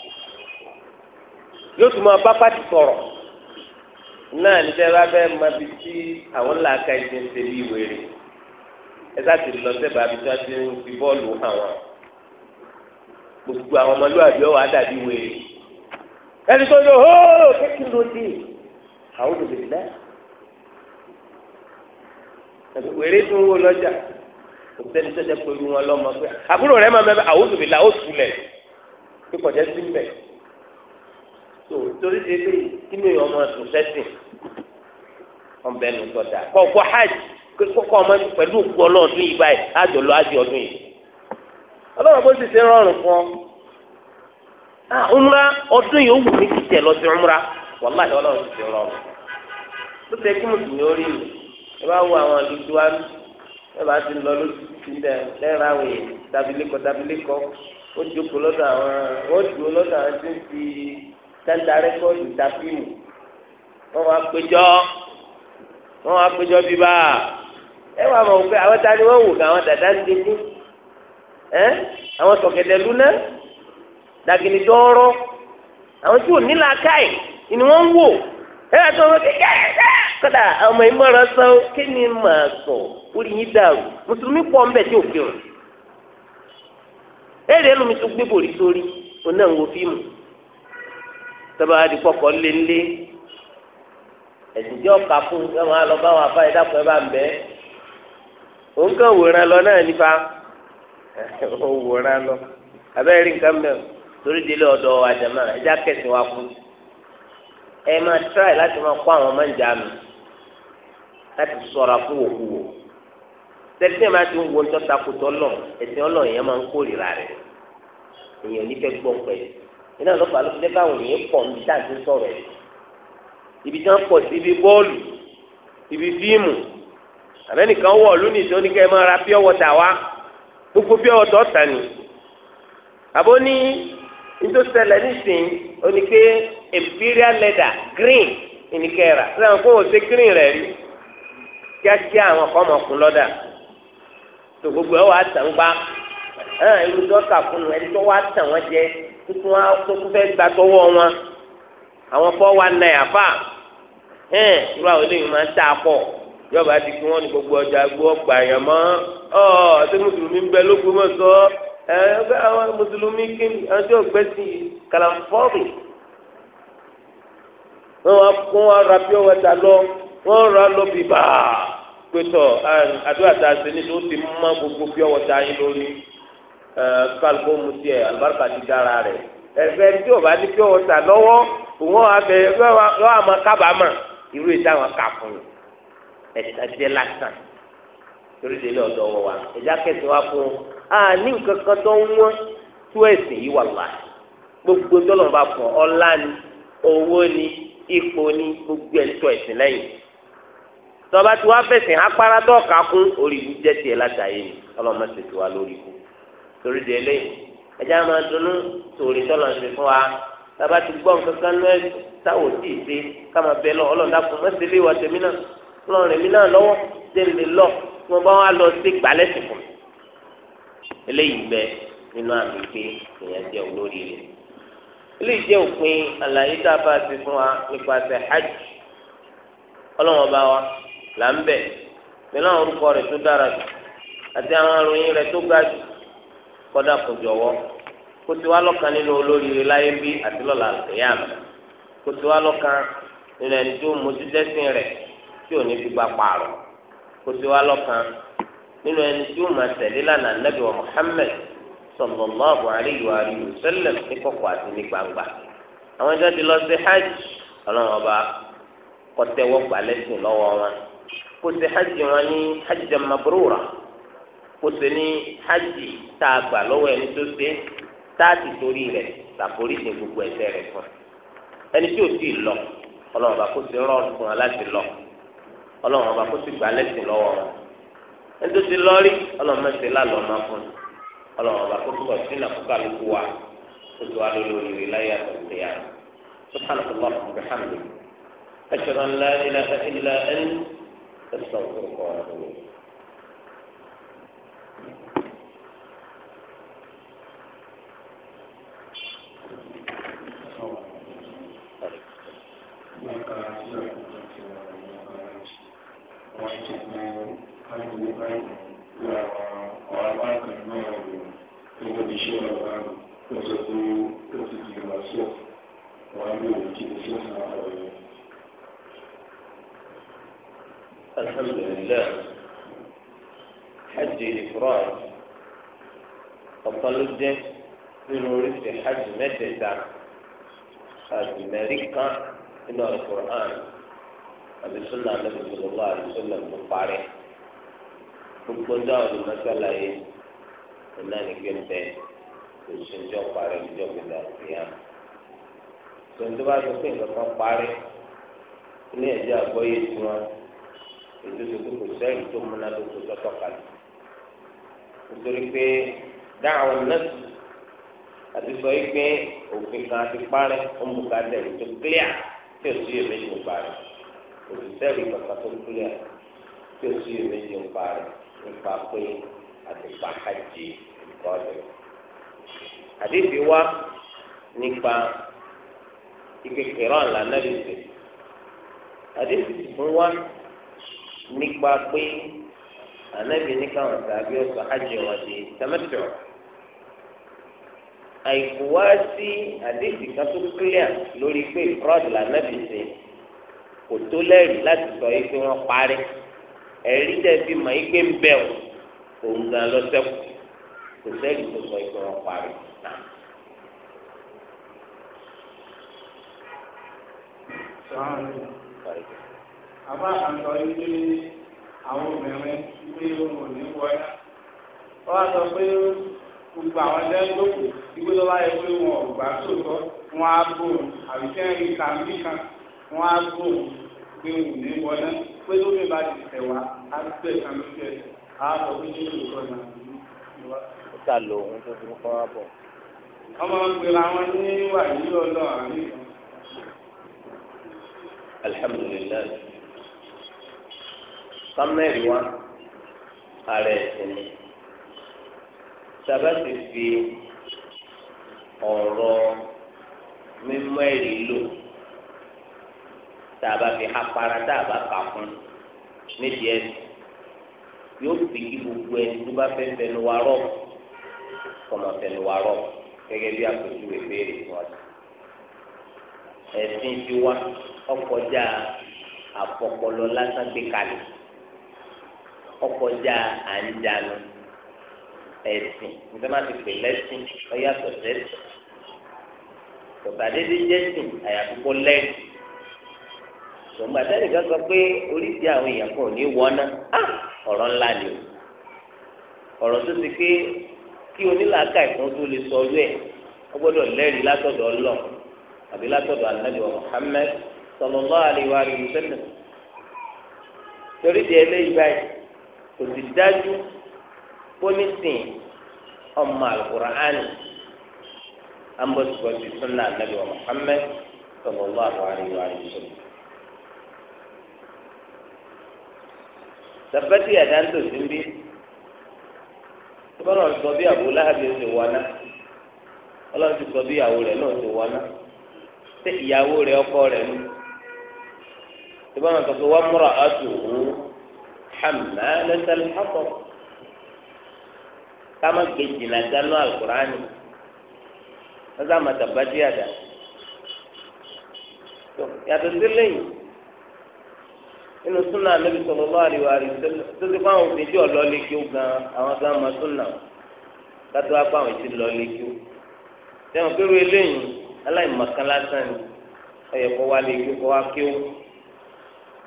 yóò tún máa bá pàtì sọ̀rọ̀ náà ní sẹ́ bá fẹ́ mọ ibi tí àwọn làákà ìdí ń tẹ̀lé ìwé rẹ̀ ẹ sáàtì lọ sẹ́bà ibi tí wọ́n ti ń fi bọ́ọ̀lù hàn wọ́n gbogbo àwọn ọmọlúwàbí ọ̀wọ́ àdàbí ìwé rẹ̀ ẹni tó yọ hóó kékeré ló dé àwọn olùdílé náà wèrè tó ń wo lọ́jà òtẹ́ni sẹ́jẹ́ pẹ̀lú wọn lọ́mọ pé àbúrò rẹ̀ máa mẹ́fẹ́ àwòsùnbìlà ó sùlẹ̀ kíkọ̀jẹ́ sí mẹ́ẹ̀ tó torí délé kí ni ọmọ ẹ̀sùn sẹ́sìn ọbẹ̀ nù sọ̀dà kọ̀ọ̀kọ̀ hajj kọ̀ọ̀kọ̀ ọmọ pẹ̀lú òkú ọlọ́ọ̀dún yìí báyìí àjọ lọ àjọ ọdún yìí ọlọ́run bó ti ṣe rọrùn fún ọ umra ọdún yìí ó wù mí títẹ̀ lọ sí umra wàláhì ọlọ́run ti ṣe rọrùn ló tẹ kí mùsùlùmí ó rí mi ẹ bá wo àwọn àdúgbò wa ẹ bá ti lọ lóṣù tí ń bẹ lẹ́ẹ̀rẹ́ àwọn èèyàn tàbílẹ́kọ̀ tàbílẹ́kọ̀ ó dúró lọ́dọ̀ àwọn ó dúró lọ́dọ̀ àwọn tí ń fi tẹ́lẹ̀ rẹ́kọ́ọ̀dù tàbíù wọ́n wá péjọ wọ́n wá péjọ bíbá ẹ wà mọ̀ pé àwọn ta ni wọ́n wò ká àwọn dàda ń dínkù ẹ àwọn sọ̀kẹ̀dẹ̀ lúná dàgìnì dọ́rọ́ àwọn tí ò ní làákàyè ni wọ́n ń wò ẹ àti ọmọ kékeré kọ́dà ọmọ ìmọ̀ràn sọ kí ni màá sọ orí yín dàrú mùsùlùmí pọ̀ ń bẹ̀ tí ò kírun èrè lómi tó gbé bòrí sórí òun náà ń wo fíìmù tọ́ba adi kọ́kọ́ lélẹ́ ẹ̀sìn tí ọ̀ka fún ẹ máa lọ bá wọn afáyé dàpọ̀ ẹ bá ń bẹ́ òun kàn wòran lọ náà nípa òun wòran lọ abẹ́rẹ́ rí nǹkan mẹ́rin torí délé ọ̀dọ̀ àjàmá ẹ̀já kẹsì wa fún ẹ máa tíráì láti máa kó àwọn máńjà mi láti sọ̀ra fún òkúwò tẹ́tẹ́ máa ti ń wo ń tọ́ta kó tọ́ lọ ẹ̀sìn ọlọ́run yẹn máa ń kórìíra rẹ̀ èèyàn nífẹ̀ẹ́ gbọ́ pẹ̀lú iná lọ́pàá ló fi jẹ́ káwọn èèyàn pọ̀ níbi tá à ń ti sọ̀rọ̀ ẹ̀ ibi tí wọ́n pọ̀ sí ibi bọ́ọ̀lù ibi fíìmù àmẹ́nìkan wọ̀ lónìí tó ní kẹ́ ẹ máa ra pure water wá gbogbo pure water ọ̀tàn ni àbó ní nítòsílẹ̀ nísìnyí ó ní pé imperial leather green ìníkẹ́ra sẹ́wọ̀n kó o ṣe green rẹ̀ rí kíákíá àwọn ọkọ̀ ọmọkùnrin lọ́dà tó gbogbo ẹ̀ wà á tàn gbá ẹn irú dọ́tà fún un ẹni tó wá tàn wọ́n jẹ tuntun wa tó tún fẹ́ gba tọwọ́ wọn àwọn fọ́ wa nà yà fà ẹn irú àwọn eléyìí máa ń tà pọ̀ yọba ti fi wọn ní gbogbo ọjà gbọ́ gbà yàn mọ́ ọ ṣé mùsùlùmí ń bẹ lóko mọ̀ sọ ẹ àwọn mùsùlùmí kí ọjọ́ gbẹ́sì kàlàfọ́ọ̀mù wọn kún wọn ra pure water lọ wọn ra lọ bíbá pẹtọ àdúrà tá a ṣe ní tó ti mọ gbogbo pure water yín lónìí kálukó mu tiẹ̀ alibarika ti dára rẹ̀ ẹ̀fẹ́ tí o bá ti fi o ta lọ́wọ́ òun abẹ yọ àmọ́ kábàámà irú ìta wọn kà fún un ẹ̀ta jẹ́ lásán torí délé ọ̀dọ́ wọn wa ẹ̀já kẹsàn-án wa fún un a ní nǹkan kan tó ń wọ́n tó ẹ̀sìn yìí wà lá gbogbo tọ́lọ̀ bá fún ọ ọlá ni owó ni ipò ni gbogbo ẹ̀tọ́ ẹ̀sìn lẹ́yìn tọba tí wàá fẹsẹ̀ apáratọ́ kà kún orí ìlú jẹ́ tiẹ̀ látàyè ni ọlọ́mọ tètè wa lórí ikú torí di eléyìí ẹjẹ máa dùnnú tòrí tọ́lọ̀ ṣe fún wa tába ti gbọ́ nǹkan kan lọ́ táwọn tí ì ṣe ká máa bẹ lọ ọlọ́dà kún mọ́sẹ̀ lé wa tèmi náà lọ́rùn èmi náà lọ́wọ́ ṣe ń lè lọ tí wọ́n bá wá lọ sí gbalẹ̀ sí fún mi. eléyìí bẹ nínú àmì pé èèyàn jẹ́ olórí rẹ̀ eléyìí jẹ́ òpin àlàyé tá a bá ti fún wa nípasẹ̀ hajj ọlọ́wọ́n bá wa là ń bẹ̀ pẹ̀lú àwọn orúkọ rẹ̀ tó dára jù àti àwọn àròyìn kọ́dà kò jọ̀wọ́ kó ti wá lọ́kàn nínú olóríire láyé bí àti lọ́la àlùkìyàmù kó ti wá lọ́kàn nínú ẹni tó mójú si rẹ tí ò ní gbígbà pààrọ̀ kó ti wá nínú ẹni tí ó máa tẹ̀lé lánàá nàbì wa Muhammad sallallahu alayhi wa ní àti ní gbangba àwọn ẹjọ́ ti lọ sí hajj ọlọ́run ọba gbalẹ́sìn lọ́wọ́ wọn kó hajj wọn ní hajj kó ṣe ní hajj tá a gbà lọ́wọ́ ẹni tó ṣe tá a ti torí rẹ̀ tàbórí ní gbogbo ẹ̀ṣẹ̀ rẹ̀ fún ẹni tí ò tí ì lọ ọlọ́run bá kó ṣe rọrùn fún wọn láti lọ ọlọ́run bá kó ṣe gbà lẹ́sìn lọ́wọ́ wọn ẹni tó ti lọ rí ọlọ́run mẹ́sẹ̀ lálọ́ máa fún un ọlọ́run bá kó ṣe kọ̀ sínú àkókò lóko wa kó ṣe wá lórí rẹ̀ láyé àtọ̀tẹ̀ yà سبحانك اللهم وبحمدك أشهد أن لا إله إلا أنت أستغفرك وأتوب إليك ọ̀kan ló jẹ́ nínú oríṣi hajj mẹ́tẹ̀ẹ̀ta hajj mẹ́rin kan nínú alukur'an àti sunna anabi sallallahu alaihi wasallam ló parí gbogbo dáhùn ní masala yìí nínú àníkè ń bẹ oṣù ìjọ parí ìjọ gbẹdà ìyá tòun tó bá sọ pé nǹkan kan parí ilé ẹjọ́ àgbọ́yé tiwọn ètò ìsìnkú kò sẹ́yìn tó múnádókò tọ́tọ́ nítorí pé dáhùn nẹ́ẹ̀sì àti sọ yìí pé òfin kan ti parẹ́ ó mú ká tẹ̀lé tó clear tí o sì yẹ méjì ń parẹ́ òṣìṣẹ́ rí kankan tó clear tí o sì yẹ méjì ń parẹ́ nípa pé àti pàkàjì nǹkan ọ̀dọ̀. àdébí wa nípa ìkékeré ọ̀la náà lè fẹ́ àdébí tuntun wa nípa pé ànábì ní káwọn sàbí ọsọ hajj wọn di tamattu àìkú wá sí àdéhùn kan tó kílíà lórí pé ìfúrọ́dù lànàbì ṣe kò tó lẹ́rìí láti sọ yìí pé wọ́n parí ẹ̀rí dẹ́bi mọ̀ yìí pé ń bẹ̀ wọ́n òun gan lọ sẹ́kù kò sẹ́rìí tó sọ yìí pé wọ́n parí àbá àǹtọ̀ yìí àwọn obìnrin pé òun ò ní wọlé wọ́n á sọ pé gbogbo àwọn ẹgbẹ́ lókù ìwé tó bá yẹ pé wọn ò gbà sóòtọ́ wọn á bò ó àbí kẹrin kàmí kan wọn á bò ó pé òun ò ní wọlé pé lómi bá ti tẹ̀ wá á gbé kàmí tẹ̀ á sọ pé ní ìlú kan náà. ó ta lo tó fi ń kọ́ wá bọ̀. ọmọ ìpìlẹ̀ àwọn ní wà nílò ọlọ́run àmì. alhamdulilayi kámẹ́rì wa ara ẹ̀sìn ni sábàtì fi ọ̀rọ̀ mímú ẹ̀rí lò tàbá fi apara tàbá kà fún nídìí ẹ̀sìn yóò fi kí gbogbo ẹni tó bá fẹ́ fẹnu wa rọ̀ kọ̀mọ̀ fẹnu wa rọ̀ gẹ́gẹ́ bí àpèjúwe béèrè fún ọ̀sẹ̀ ẹ̀sìn tiwa ọkọjá àpọ̀pọ̀lọ lásán gbé kalẹ̀ ọkọjá àǹjánu ẹ̀sìn nígbà má ti pè lẹ́sìn ọ̀yàtọ̀ sẹ́sìn tọ̀tàdédé jẹ́sìn àyàfikọ́ lẹ́yìn tòun àtẹ́lẹ̀ kan sọ pé oríṣi àwọn èèyàn kan ò ní wọ́ná ọ̀rọ̀ ńlá ni o ọ̀rọ̀ tó ti pé kí onílàákà ìfún tó lè sọ ọlú ẹ̀ ó gbọ́dọ̀ lẹ́rìí látọ̀dọ̀ ọlọ́ àbí látọ̀dọ̀ ànábì Muhammad sallallahu alaihi wa sallam torí di eléyìí báyìí kò sì dájú pólísìn ọmọ alukur'ani ambosibosi sunna anabi wa muhammed sallallahu alayhi wa sallam. tabati adanto simbi tọ́lọ́ sọ bí Abu Lahab ṣe wọná ọlọ́run ti sọ bí ìyàwó rẹ̀ náà wọná ìyàwó rẹ̀ ọkọ rẹ̀ sọ wọ́n múra حمالة الحطب kama kejì na ganu هذا ọsàn màtàbàdì àdá tó yàtọ̀ sí lẹ́yìn nínú súnà níbi sọ̀rọ̀ lọ́wọ́ àríwá àríwá tó ti fáwọn òfin tí ọ̀lọ́ lé kíó gan àwọn gan ma súnà kátó wá fáwọn ètí lọ lé kíó sẹ́wọ̀n kéré lẹ́yìn aláìmọ̀kan lásán ni ọ̀yẹ̀kọ́ wá lé kíó kọ́ wá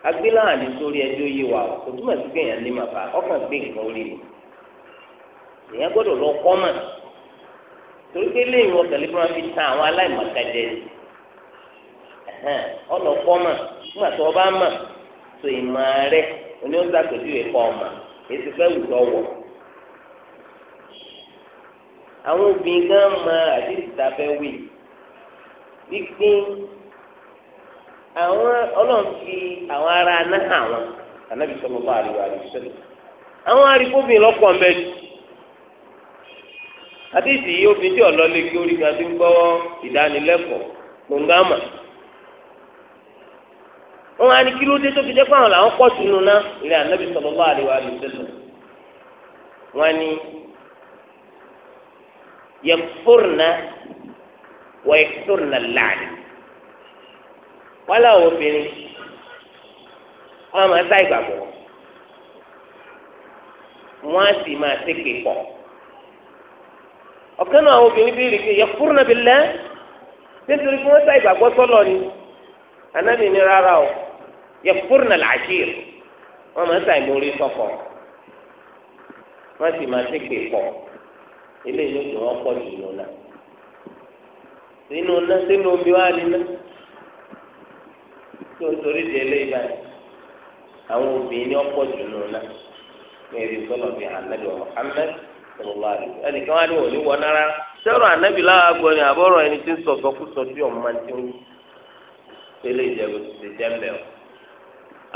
agbélànà sórí ẹjọ́ yé wà o kò túmọ̀ sí pé èèyàn lè ọkàn gbé nǹkan ni èèyàn gbọ́dọ̀ lọ kọ́ mà torí pé lẹ́yìn wọn kẹ̀lé fún wa fi tan àwọn ọ̀nà kọ́ mà nígbà tó o bá mà tó ìmọ̀ rẹ oní ó ń sàkójú ẹ̀kọ́ ọ̀mà èsì fẹ́ wù lọ́wọ́ àwọn obìnrin gan máa àdéhùn tá fẹ́ wí àwọn ọlọ́run fi àwọn ará náà awọn wọn sọlọ bá àríwá àríwá sẹlẹ àwọn arìkóbìnrin lọ́pọ̀ mbẹ́ jù àdéhìsì yìí obìnrin tí ọlọ́lé kí orí kan ti ń gbọ́ ìdánilẹ́kọ̀ọ́ gbòǹgàmà wọn á ní kí ló dé tó fi jẹ́ fáwọn làwọn pọ̀ sínú náà ìrẹ́ ànábì wọn làwọn obìnrin wọn máa dá ìgbàgbọ́ wọn á sì máa tẹkẹ pọ ọkàn náà àwọn obìnrin bíi rìkì yẹfúrúnà bíi lẹ nítorí pé wọn dá ìgbàgbọ́ sọlọ ni anábì ní rárá o yẹfúrúnà làásìrì wọn máa sàì mórí sọkọ wọn sì máa tẹkẹ pọ ilé ìlú tó wọn pọ jù náà nínú náà sínú omi wa ni náà. tó torí di eléyìí báyìí àwọn obìnrin ọ̀pọ̀ jù nù náà ní èdè sọlọ bíi anabi wa muhammed sallallahu alayhi wa sallam ẹnìkan ní òní wọn rárá sọ̀rọ̀ anabi láwa ni àbọ̀rọ̀ ẹni tí ń sọ̀tọ̀ kú sọ bí ọ̀ma ti ń tẹ́lẹ̀ ìjẹ̀bù ti jẹ́ mbẹ́ o.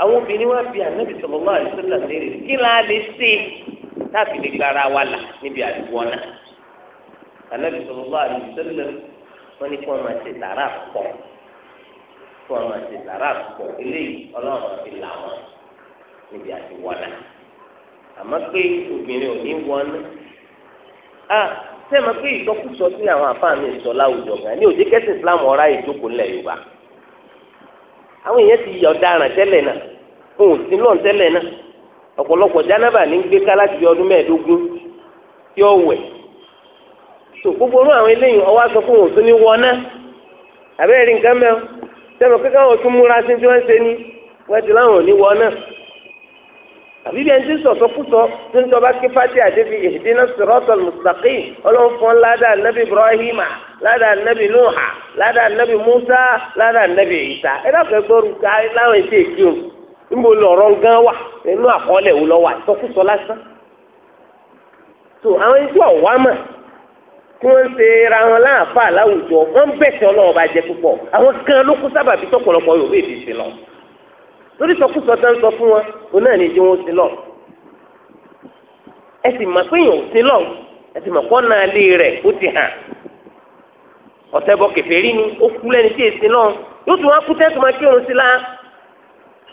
àwọn obìnrin wa bíi anabi léèrè kí lè ṣe lè gbára wa là anabi wọn ni kó ọmọ ti sàrà pọ̀ eléyìí ọlọ́run ti là wọn níbi àti àmọ́ pé obìnrin ò ní a sẹ́mi pé sí àwọn àfáàmì ìsọ láwùjọ gan ní òde kẹ́sì Islam ọ̀rá ìjókòó ńlẹ̀ Yorùbá àwọn èèyàn ti yọ ọ̀daràn tẹ́lẹ̀ náà òun lọ́n tẹ́lẹ̀ náà ọ̀pọ̀lọpọ̀ jánábà ní gbé ká láti ọdún mẹ́ẹ̀ẹ́dógún tí ó wẹ̀ gbogbo àwọn eléyìí ọwọ́ aṣọ fún òun ní àbẹ́rẹ́ nǹkan sẹ́mi pé káwọn tún múra sí tí wọ́n ń ṣe ní wọ́n ti láwọn ò ní wọ náà àbí bí ẹni tí sọ̀sọ́kùsọ tó ń tọ́ba ké fati àdébi ìdínà sọ̀rọ̀tọ̀ mùsàkì ọlọ́nfọ́ ládà nàbì ibrahima ládà nàbì nuha ládà nàbì musa ládà nàbì isa ẹ dàgbẹ́ gbọ́rù ká láwọn ètò èkìó níbo lọ̀rọ̀ gan wà nínú àkọọ́lẹ̀ wò tí wọ́n ń ṣe ra wọn láǹfà láwùjọ wọ́n ń bẹ̀sẹ̀ ọlọ́wọ́ bá jẹ púpọ̀ àwọn kan ló kú sábàbí tọ̀pọ̀lọpọ̀ yòówé ìdí sí lọ lórí sọkúsọ tó ń sọ fún wọn òun náà ní ìdí wọn sí lọ ẹ sì mọ̀ pé èèyàn ò sí lọ ẹ sì mọ̀ pé ọ̀nà alẹ́ rẹ̀ ó ti hàn ọ̀sẹ̀ bọ kẹfẹ́ rí ni ó kú lẹ́ni tí èsì lọ yóò tún wá kú tẹ́sí máa kírun sí la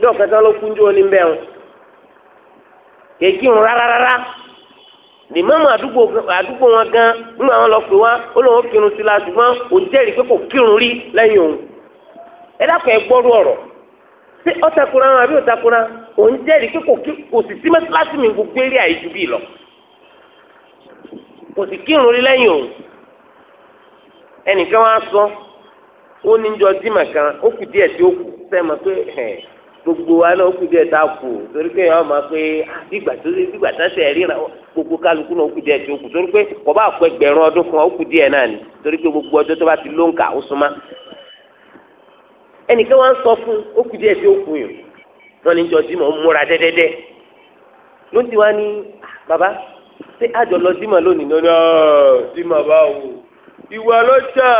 bí ọ̀kẹ́ta ló kúnjú ọ bẹ́ẹ̀ o kì í ní mọ́mú àdúgbò àdúgbò wọn gan nígbà wọn lọ pè wá ó lóun kírun sí la ṣùgbọ́n ó jẹ́rìí pé kò kírun rí lẹ́yìn òun ẹ dákọ̀ ẹ gbọ́rú ọ̀rọ̀ ṣé ọ̀takùnrin àwọn àbí ọ̀takùnrin òun jẹ́rìí pé kò sì sí mẹ́sàlásì mi gbogbo eré àìjú bíi lọ kò sì kírun rí lẹ́yìn òun ẹnìkan wá sọ ó ní jọ dìmọ̀ kan ó kù díẹ̀ tí ó kù sẹ́mọ̀ pé gbogbo wa náà kú díẹ̀ tá a kù torí pé yọọ máa pé ah, bígbà tó bígbà tó ṣe rí gbogbo kálukú náà kú díẹ̀ tó kù torí pé kò bá kọ ẹgbẹ̀rún ọdún kan ó kù díẹ̀ náà ni torí pé gbogbo ọjọ́ tó bá ti ló ń kà ó súnmá. ẹnìkan wá ń sọ fún ó kù díẹ̀ tó kù yìí wọn ní jọjú mọ ó múra dẹdẹdẹ ló ti wá ní ah, bàbá ṣé àjọ lọ dímọ lónìí lónìí ọ ah, dímọ báwo ìwà lọ́jà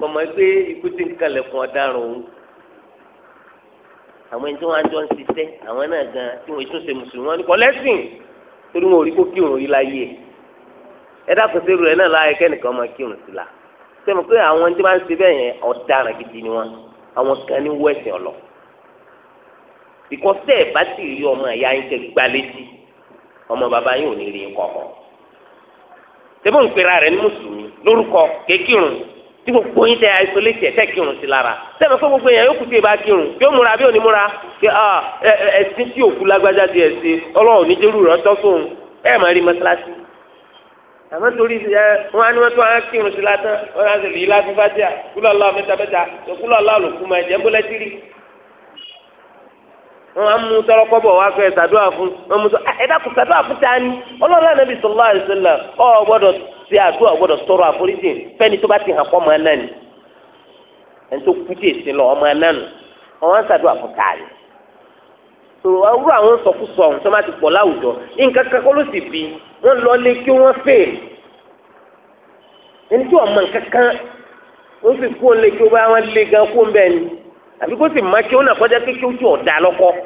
mọ̀mọ́ pé ikú ti ń kalẹ̀kùn ọ̀daràn òun àwọn ẹni tí wọ́n á jọ ń ṣiṣẹ́ àwọn náà gan tí wọ́n tún ṣe mùsùlùmí wọn ní kọ́ lẹ́sìn torí wọn ò rí kó kírun rí láyé ẹ dákun sí irú rẹ náà láyé kẹ́nìkan máa kírun sí la sẹ́mi pé àwọn ẹni tí wọ́n á ṣe bẹ́ẹ̀ yẹn ọ̀daràn gidi ni wọn àwọn kan ní wẹ́ẹ̀sì ọ̀lọ́ ìkọ́sẹ́ ẹ̀ bá sì rí ọmọ ẹ̀yà yín kẹ́ gbalẹ́sì ọmọ bàbá yín ò ní rí nǹkan kan tí gbogbo yín tẹ isolate ẹ tẹ kírun sí lára sẹbẹ fún gbogbo yẹn yóò kú sí ibà kírun yóò múra bí òní múra ẹsìn tí òkú lágbájá di ẹsìn Ọlọ́run ní jẹrù rẹ tọ sóhun ẹ máa rí mọ́sálásí àmọ́ torí ẹ wọn á ní wọn tó á kírun sí látàn wọn á sèlè ilá fífa díà kúlọ lọ mẹ́ta mẹ́ta kúlọ lọ lòkú máa jẹ mbọlẹ tìrì wọn á mú tọrọkọbọ wá fẹ ṣàdúrà fún wọn mú sọ ẹ dákun ṣàdúrà fún tani Ọlọ́run se àdúrà gbọ́dọ̀ sọ̀rọ̀ àforíjì fẹ́ni tó bá ti hàn kọ́ ọmọ náà ni ẹni tó kú jẹ́ ìsìn lọ ọmọ náà nù ọmọ ń ṣàdúrà fún káàrí sọ̀rọ̀ awúrò àwọn sọ̀kúsọ̀ ọ̀hún tó má ti pọ̀ láwùjọ nǹkan kan kọ́ ló sì bí wọ́n lọ lé kí wọ́n fèèrè ẹni tí wọ́n mọ nǹkan kan ó sì kú ó lé kí wọ́n bá wọn lé gan kó ń ni àbí kó sì má kí wọ́n nà kọjá pé kí ó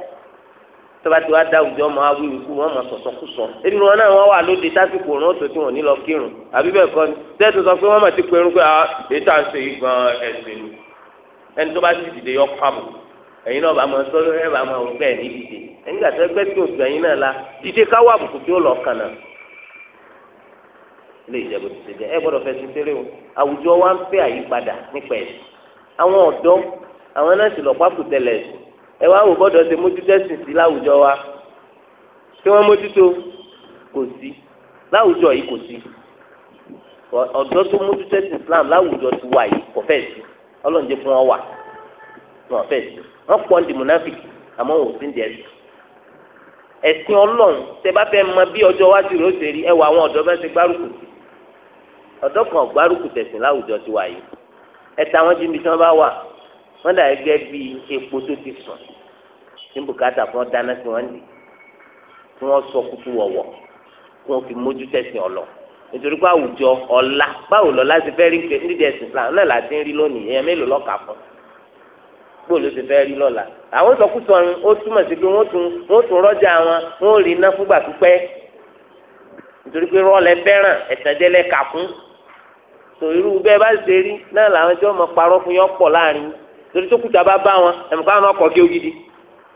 tọ́ba tí wàá da àwùjọ máa wíwì kú wọ́n máa sọ̀sọ̀ kú sọ. ebi wọn náà wọ́n wà lóde tásìkò òrùn ọ̀sẹ̀ tí wọ́n ní lọ kírun àbí bẹ́ẹ̀ kọ́ ni tẹ́sí sọ pé wọ́n máa ti pe irun pé ah, ètò àṣẹ yìí gan ẹ̀sìn ni ẹni tó bá sì dìde yọ pàmò ẹ̀yin náà bá máa sọ ẹ bá máa gbẹ ní dìde ẹ̀yin gàtọ ẹgbẹ́ tí o gbẹ ẹ̀yin náà la dìde káwọ àbùkù tí ó lọ kàn náà ilé ìjẹbù ti ṣe jẹ ẹ gbọ́dọ̀ fẹsí péré o àwùjọ wa ń fẹ́ àyípadà nípa ẹ̀sìn àwọn ọ̀dọ́ àwọn náà sì lọ pákó tẹ́lẹ̀ ẹ wá wò gbọ́dọ̀ ṣe mójútẹ́sìn sí láwùjọ wa tí wọ́n mójútó kò sí láwùjọ yìí kò sí ọ̀dọ́ tó mójútẹ́sìn Islam láwùjọ ti wà yìí kò fẹ́ sí Ọlọ́run jẹ́ fún wọn wà wọn fẹ́ sí wọn pọ̀ ní mùnáfíkì àmọ́ wọn ò sí ní ẹ̀sìn ẹ̀sìn Ọlọ́run tẹ bá fẹ́ mọ bí ọjọ́ wájú rẹ̀ ó ṣe rí ẹ wà àwọn ọ̀dọ́ bá ṣe gbárùkù sí ọ̀dọ́ kan gbárùkù tẹ̀sìn láwùjọ ti wà yìí ẹ̀ta wọn jí mi tí wọ́n bá wà wọ́n dà gẹ́gẹ́ bí epo tó ti sùn ní bùkátà fún ọ dáná sí wọn dì tí wọn sọ kúkú wọwọ kí wọn fi mójú tẹsán ọlọ nítorí pé àwùjọ ọ̀la báwo lọ́la ti fẹ́ rí nídìí ẹ̀sìn Islam náà là ti ń rí lónìí èèyàn mélòó lọ́ka fún gbòòló ti fẹ́ rí lọ́la àwọn ìsọkúsọ ọ̀run ó túmọ̀ sí pé wọ́n tún wọ́n tún rọ́jà wọn wọ́n rí iná fúgbà pípẹ́ nítorí pé rọ́ọ̀lẹ́ fẹ́ràn ẹ̀sẹ̀dẹ́lẹ́ kà fún tò irú bẹ́ẹ̀ bá ṣe rí náà làwọn tí wọ́n parọ́ fún yọ láàrin torí tó kùtà bá bá wọn ẹ̀mọ̀ká wọn kọ̀ kí ó gidi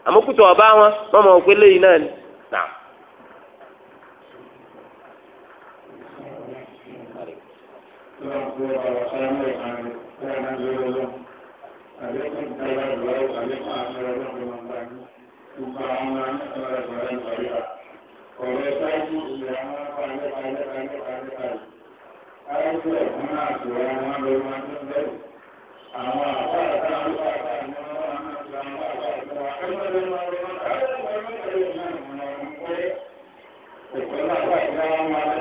àmọ́kùtọ̀ ọba wọn wọ́n mọ̀ pé léyìí náà ni. Àwọn Thank you.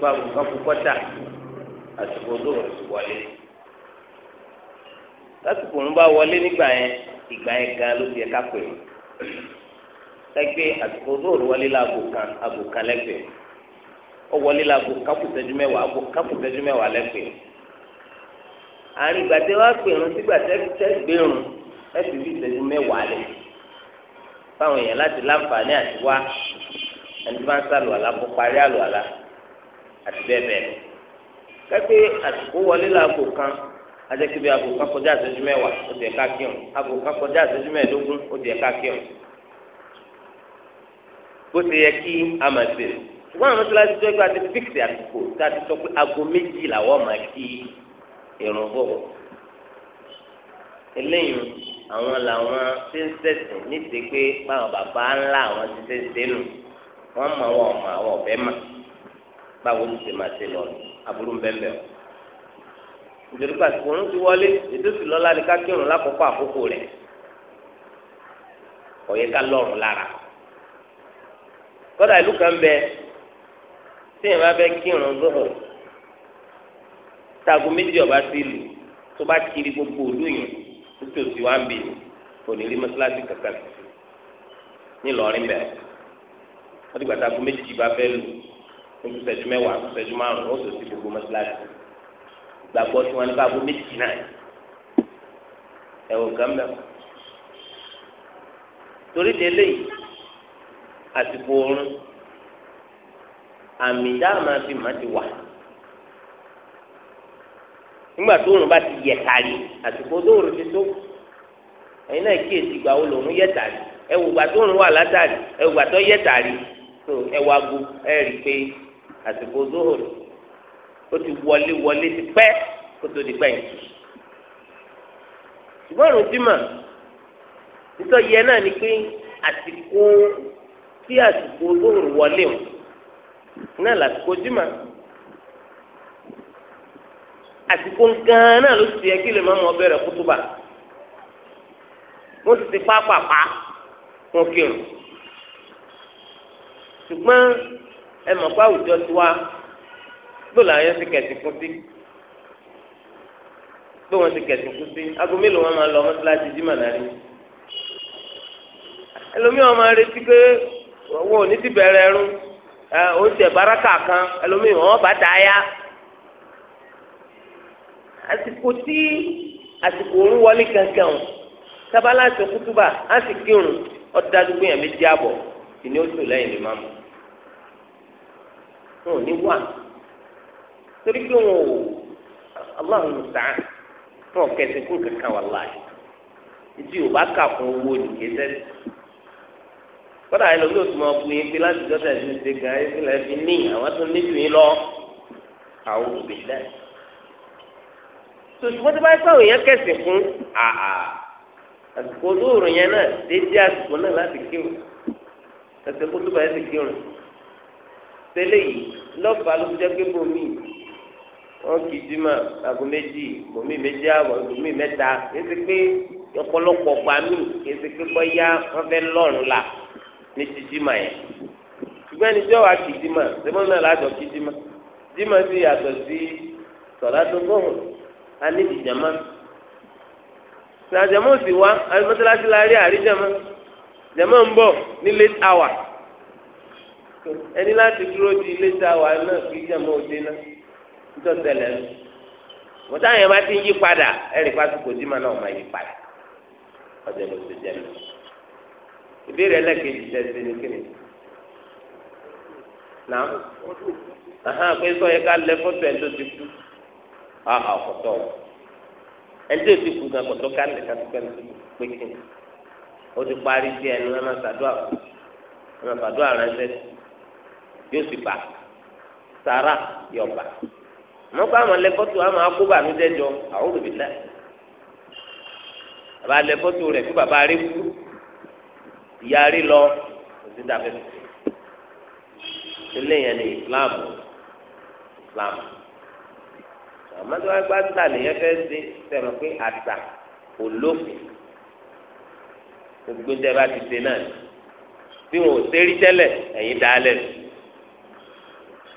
bá wù ká kú kọ́tà àsìkò lóhùn sì wọlé lásìkò òun bá wọlé nígbà yẹn ìgbà yẹn gan ló ti yẹ ká pè lẹ́gbẹ́ àsìkò lóhùn wọlé láago kan àgò kan lẹ́gbẹ́ ó wọlé láago kápùtẹ́jú mẹ́wàá àgò kápùtẹ́jú mẹ́wàá lẹ́gbẹ́ àárín ìgbà tẹ́ wá pè rún sígbà tẹ́ tẹ́ gbérùn ẹ fi bí ìtẹ́jú mẹ́wàá lẹ̀ fáwọn èèyàn láti láǹfààní àti wá ẹni bá ń sálò àlá kó parí àlò àlá àti bẹ́ẹ̀ bẹ́ẹ̀ lọ. kẹ́kẹ́ àsìkò wọlé láago kan adékè bí aago kan kọjá àṣẹjú mẹ́wàá ó ti ẹ̀ka kírun aago kan kọjá àṣẹjú mẹ́ẹ̀ẹ́dógún ó ti ẹ̀ka kírun. bó ti yẹ kí a máa ṣe ṣùgbọ́n àwọn mọ́tíláṣí tó ẹgbẹ́ àti fíksì àsìkò tá a ti sọ pé aago méjì làwọn máa kí irun bọ̀. eléyìí àwọn làwọn ṣe ń ṣẹ̀sìn ní ti pé báwọn bàbá ńlá àwọn ti ṣe ń ṣe wọ́n mọ àwọn ọmọ àwọn ọ̀fẹ́ mọ̀ báwo ló ṣe máa ṣe lọ aburú bẹ́ẹ̀ nítorí pàṣẹ òun ti wọlé ètò sì lọ́la ní kákírun lákòókò àkókò rẹ̀ ọ̀yẹ́ ká lọ́rùn lára kọ́dà ìlú kan bẹ tí èèyàn bá fẹ́ kírun lọ́hùn táàgù méjì ọba sí ìlú tó bá kiri gbogbo òlú yẹn nítòsí wa ń bì ní kò ní rí mọ́sálásí kankan nílọrin bẹ̀rẹ̀ wọ́n ti gbàtà àgù méjì bá fẹ́ lù oṣù sẹ́jú mẹ́wàá oṣù sẹ́jú márùn-ún oṣù sí gbogbo mọ́sálásí gbàgbọ́ tí wọ́n ní káàbọ̀ méjì náà ẹ̀wọ̀n kan mẹ́wàá torí de eléyìí àsìkò oorun àmì dáàmà fi má ti wà nígbà tó oorun bá ti yẹ tàrí àsìkò tó oorun ti tó ẹ̀yin náà kíyèsí ìgbà wo lòun yẹ tàrí ẹ̀wùgbà tó oorun wà látàrí ẹ̀wùgbà tó yẹ tàrí ẹ̀wàgò ẹ̀rí pé àsìkò zohori ó ti wọlé wọlé ti pẹ́ kó tó di pẹ́ yìí ṣùgbọ́n ọ̀rùn jimá nítorí yẹn náà ni pé àsìkò tí àsìkò zohori wọlé o náà làsìkò jimá àsìkò gan-an náà ló ti yẹ kí lè má mọ bẹ̀rẹ̀ kútúbà wọ́n ti ti pápá pa wọ́n kírun ṣùgbọ́n ẹ mọ̀ pé àwùjọ ti wá gbọ́dọ̀ làwọn ti kẹ̀sì kú sí pé wọ́n ti kẹ̀sì kú sí aago mélòó wọn máa lọ mọ́tíláṣí jímọ̀ náà rí ẹlòmíràn máa retí pé wọn ò ní ti bẹ̀rẹ̀ ẹrú ẹ oúnjẹ báràkà kan ẹlòmíràn wọn bá dà á yá àsìkò tí àsìkò òun wọlé gangan sábàlá àti òkútùbà á kírun ọ̀dájú yẹn méjì àbọ̀ ìní oṣù lẹ́yìn lè máa mú wọn ò ní wà torí pé wọn ò aláwọn mùsàá fún ọkẹsẹ kún kankan wà láàyè ìdí ò bá kà fún owó nìké sẹ́sì kódà yìí lóbi òtún máa bu yín pé láti dọ́tà ìdí ìdí gan ayé sílẹ̀ fi ní àwọn tó ní ju yín lọ àwọn òbí dẹ́ tòṣùpọ̀ tó bá yẹ káwọn èèyàn kẹsì fún àsìkò olóòrùn yẹn náà déédéé àsìkò náà láti kírun àsìkò tó bá yẹ ti kírun tẹ́lẹ̀ yìí lọ́ọ̀bà ló jẹ́ pé bòmí wọn kì í di mà àgọ́ méjì bòmí méjì àwọ̀ bòmí mẹ́ta kéde pé ọ̀pọ̀lọpọ̀ gbà mí kéde pé bọ́yá wọn fẹ́ lọ́rùn la ní ti di mà yẹn ṣùgbọ́n ẹni tí wọ́n wá kì í di mà sẹ́fọ́n náà lájọ kì í di mà di mà sí yàtọ̀ sí sọ̀lá tó gbóhùn a ní ìjàmá sàjàmọ́ sì wá alùpùpù la rí àríjàmá jàmá ń bọ̀ ní late hour ẹni láti dúró di ilé tá a wà náà kí jẹmọ òde náà nítorí tẹ́lẹ̀ nù wọn táwọn yẹn bá ti ń yí padà ẹnì pásítọ̀ jimá náà máa yí padà ọjọ́ ló ti jẹ mi ìbéèrè ẹlẹ́kejì tẹsí ni kíni náà ahan pé sọ yẹ ká lẹ fọ́tò ẹ tó ti kú aha ọkọtọ ẹ tó ti kú gan kọtọ ká lẹ kátó pẹ pé kíni o ti parí sí ẹnu ẹ má sàdúrà ẹ má sàdúrà rẹ sẹsì yóò sì bà sàrà yọ bà mọ kó àwọn lẹkọtò àwọn akóbànújẹ́ jọ àwọn olùbílẹ bàbá lẹkọtò rẹ kó bàbá rí kú ìyá rí lọ òsì dàbẹ ilé yẹn ní Islam Islam àmọ́ tó wá gbá tà lèyẹ fẹ́ ṣe sẹ̀rọ̀ pé àtà kò lófin gbogbo tẹ bá ti ṣe náà bí wọn ò ṣe rí tẹ́lẹ̀ ẹ̀yin dá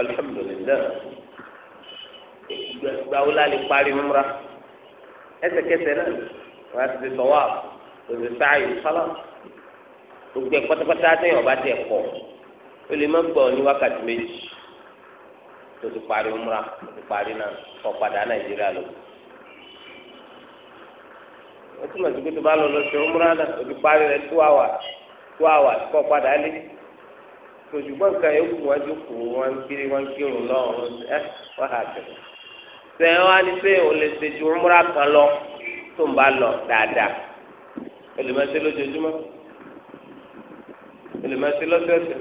alhamdulilayi gbawo la le parí múra ẹsẹ̀kẹsẹ̀ náà wà á ti sọwọ òsè sáàyè sọlá gbogbo ẹ pátápátá ní ọba tẹ kọ ó lè má gbọ́ ní wákàtí méjì tó ti parí múra tó ti parí náà kọ padà nàìjíríà lọ ó túmọ̀ sí pé tó bá lọ lọ sí múra náà ó ti parí rẹ tó àwà tó àwà sòṣùgbọ́n nǹkan yẹn kù wájú kù wọn kiri wọn kírun lọ́rùn ẹ wọ́n hà tẹ̀. sẹ́yìn wá ní pé o lè ṣe ju múra kan lọ tó ń bá lọ dáadáa o lè máa ṣe lójoojúmọ́ o lè máa ṣe lọ́sọ̀ọ̀sẹ̀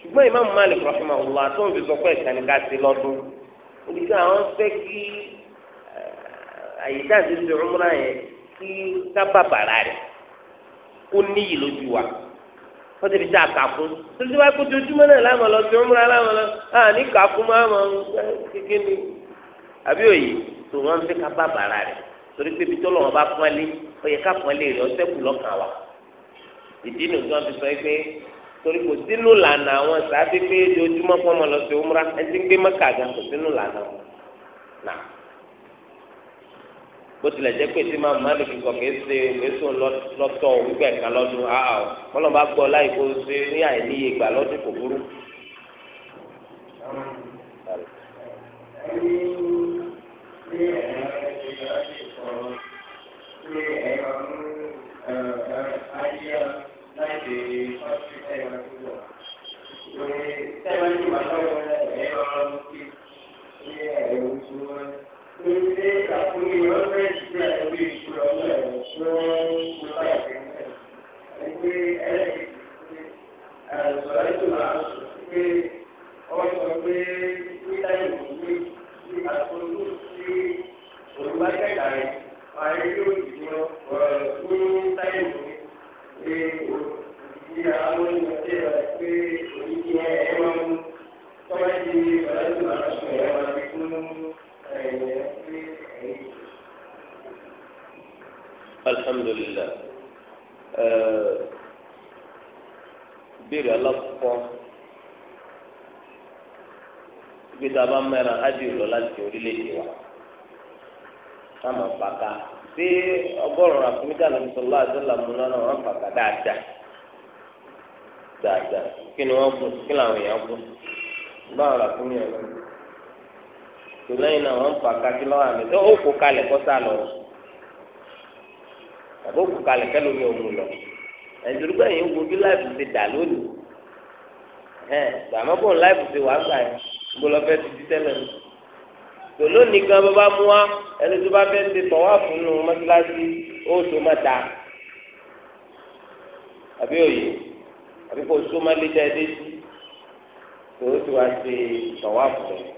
ṣùgbọ́n ìmáàmù Malik rahimahullah tó ń fi sọ pé ìkànnì ká ṣe lọ́dún oníṣẹ́ àwọn fẹ́ kí eh, àyíká ti ṣe múra yẹn kí ká bàbàrà rẹ̀ kó níyì lójú wa wọ́n ti fi ṣe àkàkú tuntun wáyé kó dojúmọ́ náà láwọn lọ sí ọmúra láwọn lọ à ní kàkú máa mọ kéke ni àbí òye tó wọ́n fi ká bá bàrà rẹ̀ torí pé ibi tó lọ́wọ́ bá pọ́n lé ó yẹ ká pọ́n lé rẹ̀ ọ̀sẹ̀ kù lọ́kàn wa ìdí nu tí wọ́n fi sọ pé torí kò sínú lànà àwọn sáà pé dojúmọ́ fọ́n mọ́ lọ sí ọmúra ẹ ti ń gbé mọ́kà gan kò sínú lànà wọn bó tilẹ̀ jẹ́ pé sima malik kọ̀ kìí ṣe èso lọ́tọ̀ wípé ẹ̀ka lọ́dún àá o kọ́lọ́ bá gbọ́ láì kó ṣe ní àìníye gbà lọ́dún kò burú. Thank you pé àkúnyé ọ̀fẹ́ ìṣúná ẹgbẹ́ ìṣúná ọ̀nà ẹ̀ṣọ́ ìṣúná ìṣúná ẹgbẹ́ ẹ̀ṣọ́ ìṣúná ìṣúná pé ọ̀sọ̀ pé nígbà ìwòye ní àtúntò sí olùbákẹ́kà rẹ̀ parí yóò dìbò ọ̀rọ̀ ní táyìmù pé òbí àwọn ìmọ̀tẹ́ rẹ̀ pé òyìnbí ẹ̀rọ tọ́wọ́ di ọ̀rẹ́dùn àṣọ ẹ̀rọ àti fún alhamdulilah eh, ìbéèrè alákọ̀ọ́ ibi tá a bá mẹ́ra ádìrò lọ láti orílẹ̀-èdè wa ká máa pàkà sí ọgọ́rùn-ún àfúnníjà lọ́dún sọ́lá àdúrà múná náà wọ́n pàkà dáadáa dáadáa kí ni wọ́n bùn kí làwọn èèyàn bùn báwọn àfúnníjà lọ́dún tòlẹ́yìn náà wọ́n ń fa kakí lọ́wọ́ àmì tó ó kó kalẹ̀ kó sá lọ àbó kó kalẹ̀ kẹ́lò mi ò mú lọ ẹ̀dùrúgbà yìí ń wo bí láìpù ti dà lónìí ẹ̀ gbàmọ́bọ̀n láìpù ti wà gbà yẹn gbọ́dọ̀ fẹ́ ti di tẹ́lẹ̀ mi tòló nìkan bá bá mú wa ẹni tó bá fẹ́ ti tọ̀ wá fún un mọ́tíláṣí ó tó má ta àbí òye àbí kò só má lé dá ẹ dé sí wá ti tọ̀ wá fún un.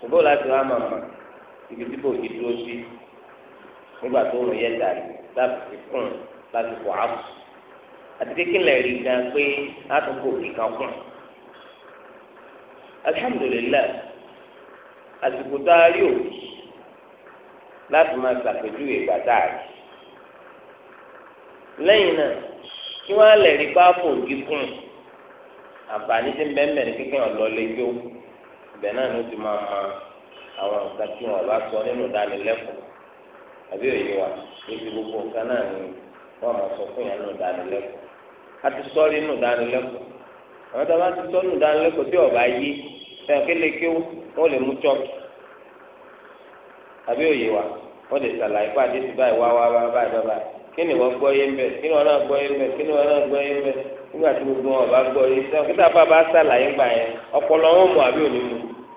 ṣùgbọ́n láti wá màmá ibi tí kò yí dúró sí nígbà tó rìn yẹ dàrí láti fi kún láti fọ àpò àti kékeré rí gan pé àtúnkò kíkan kún alihamudulilayi àsìkò tá a rí òkú láti máa ṣàpèjúwe ìgbà tá a rí lẹ́yìn náà kí wọ́n á lẹ̀ rí bá fòǹgì kún àǹfààní tí ń bẹ́ẹ̀ mẹ́rin kékeré ọ̀lọ́lẹ́gbẹ́ ibẹ̀ náà ló ti máa ma àwọn nǹkan tí bá sọ nínú ìdánilẹ́kọ̀ọ́ àbí òye wa gbogbo nǹkan náà ni máa sọ fún nínú ìdánilẹ́kọ̀ọ́ a ti sọ nínú ìdánilẹ́kọ̀ọ́ àwọn tó bá ti sọ nínú ìdánilẹ́kọ̀ọ́ tí ọba yé ẹ̀yàn kéle kí wọ́n lè mú chọ́ọ̀kì àbí òye wa wọ́n lè báyìí wá báyìí báyìí kí ni wọ́n gbọ́ yé ń bẹ̀ tí ọba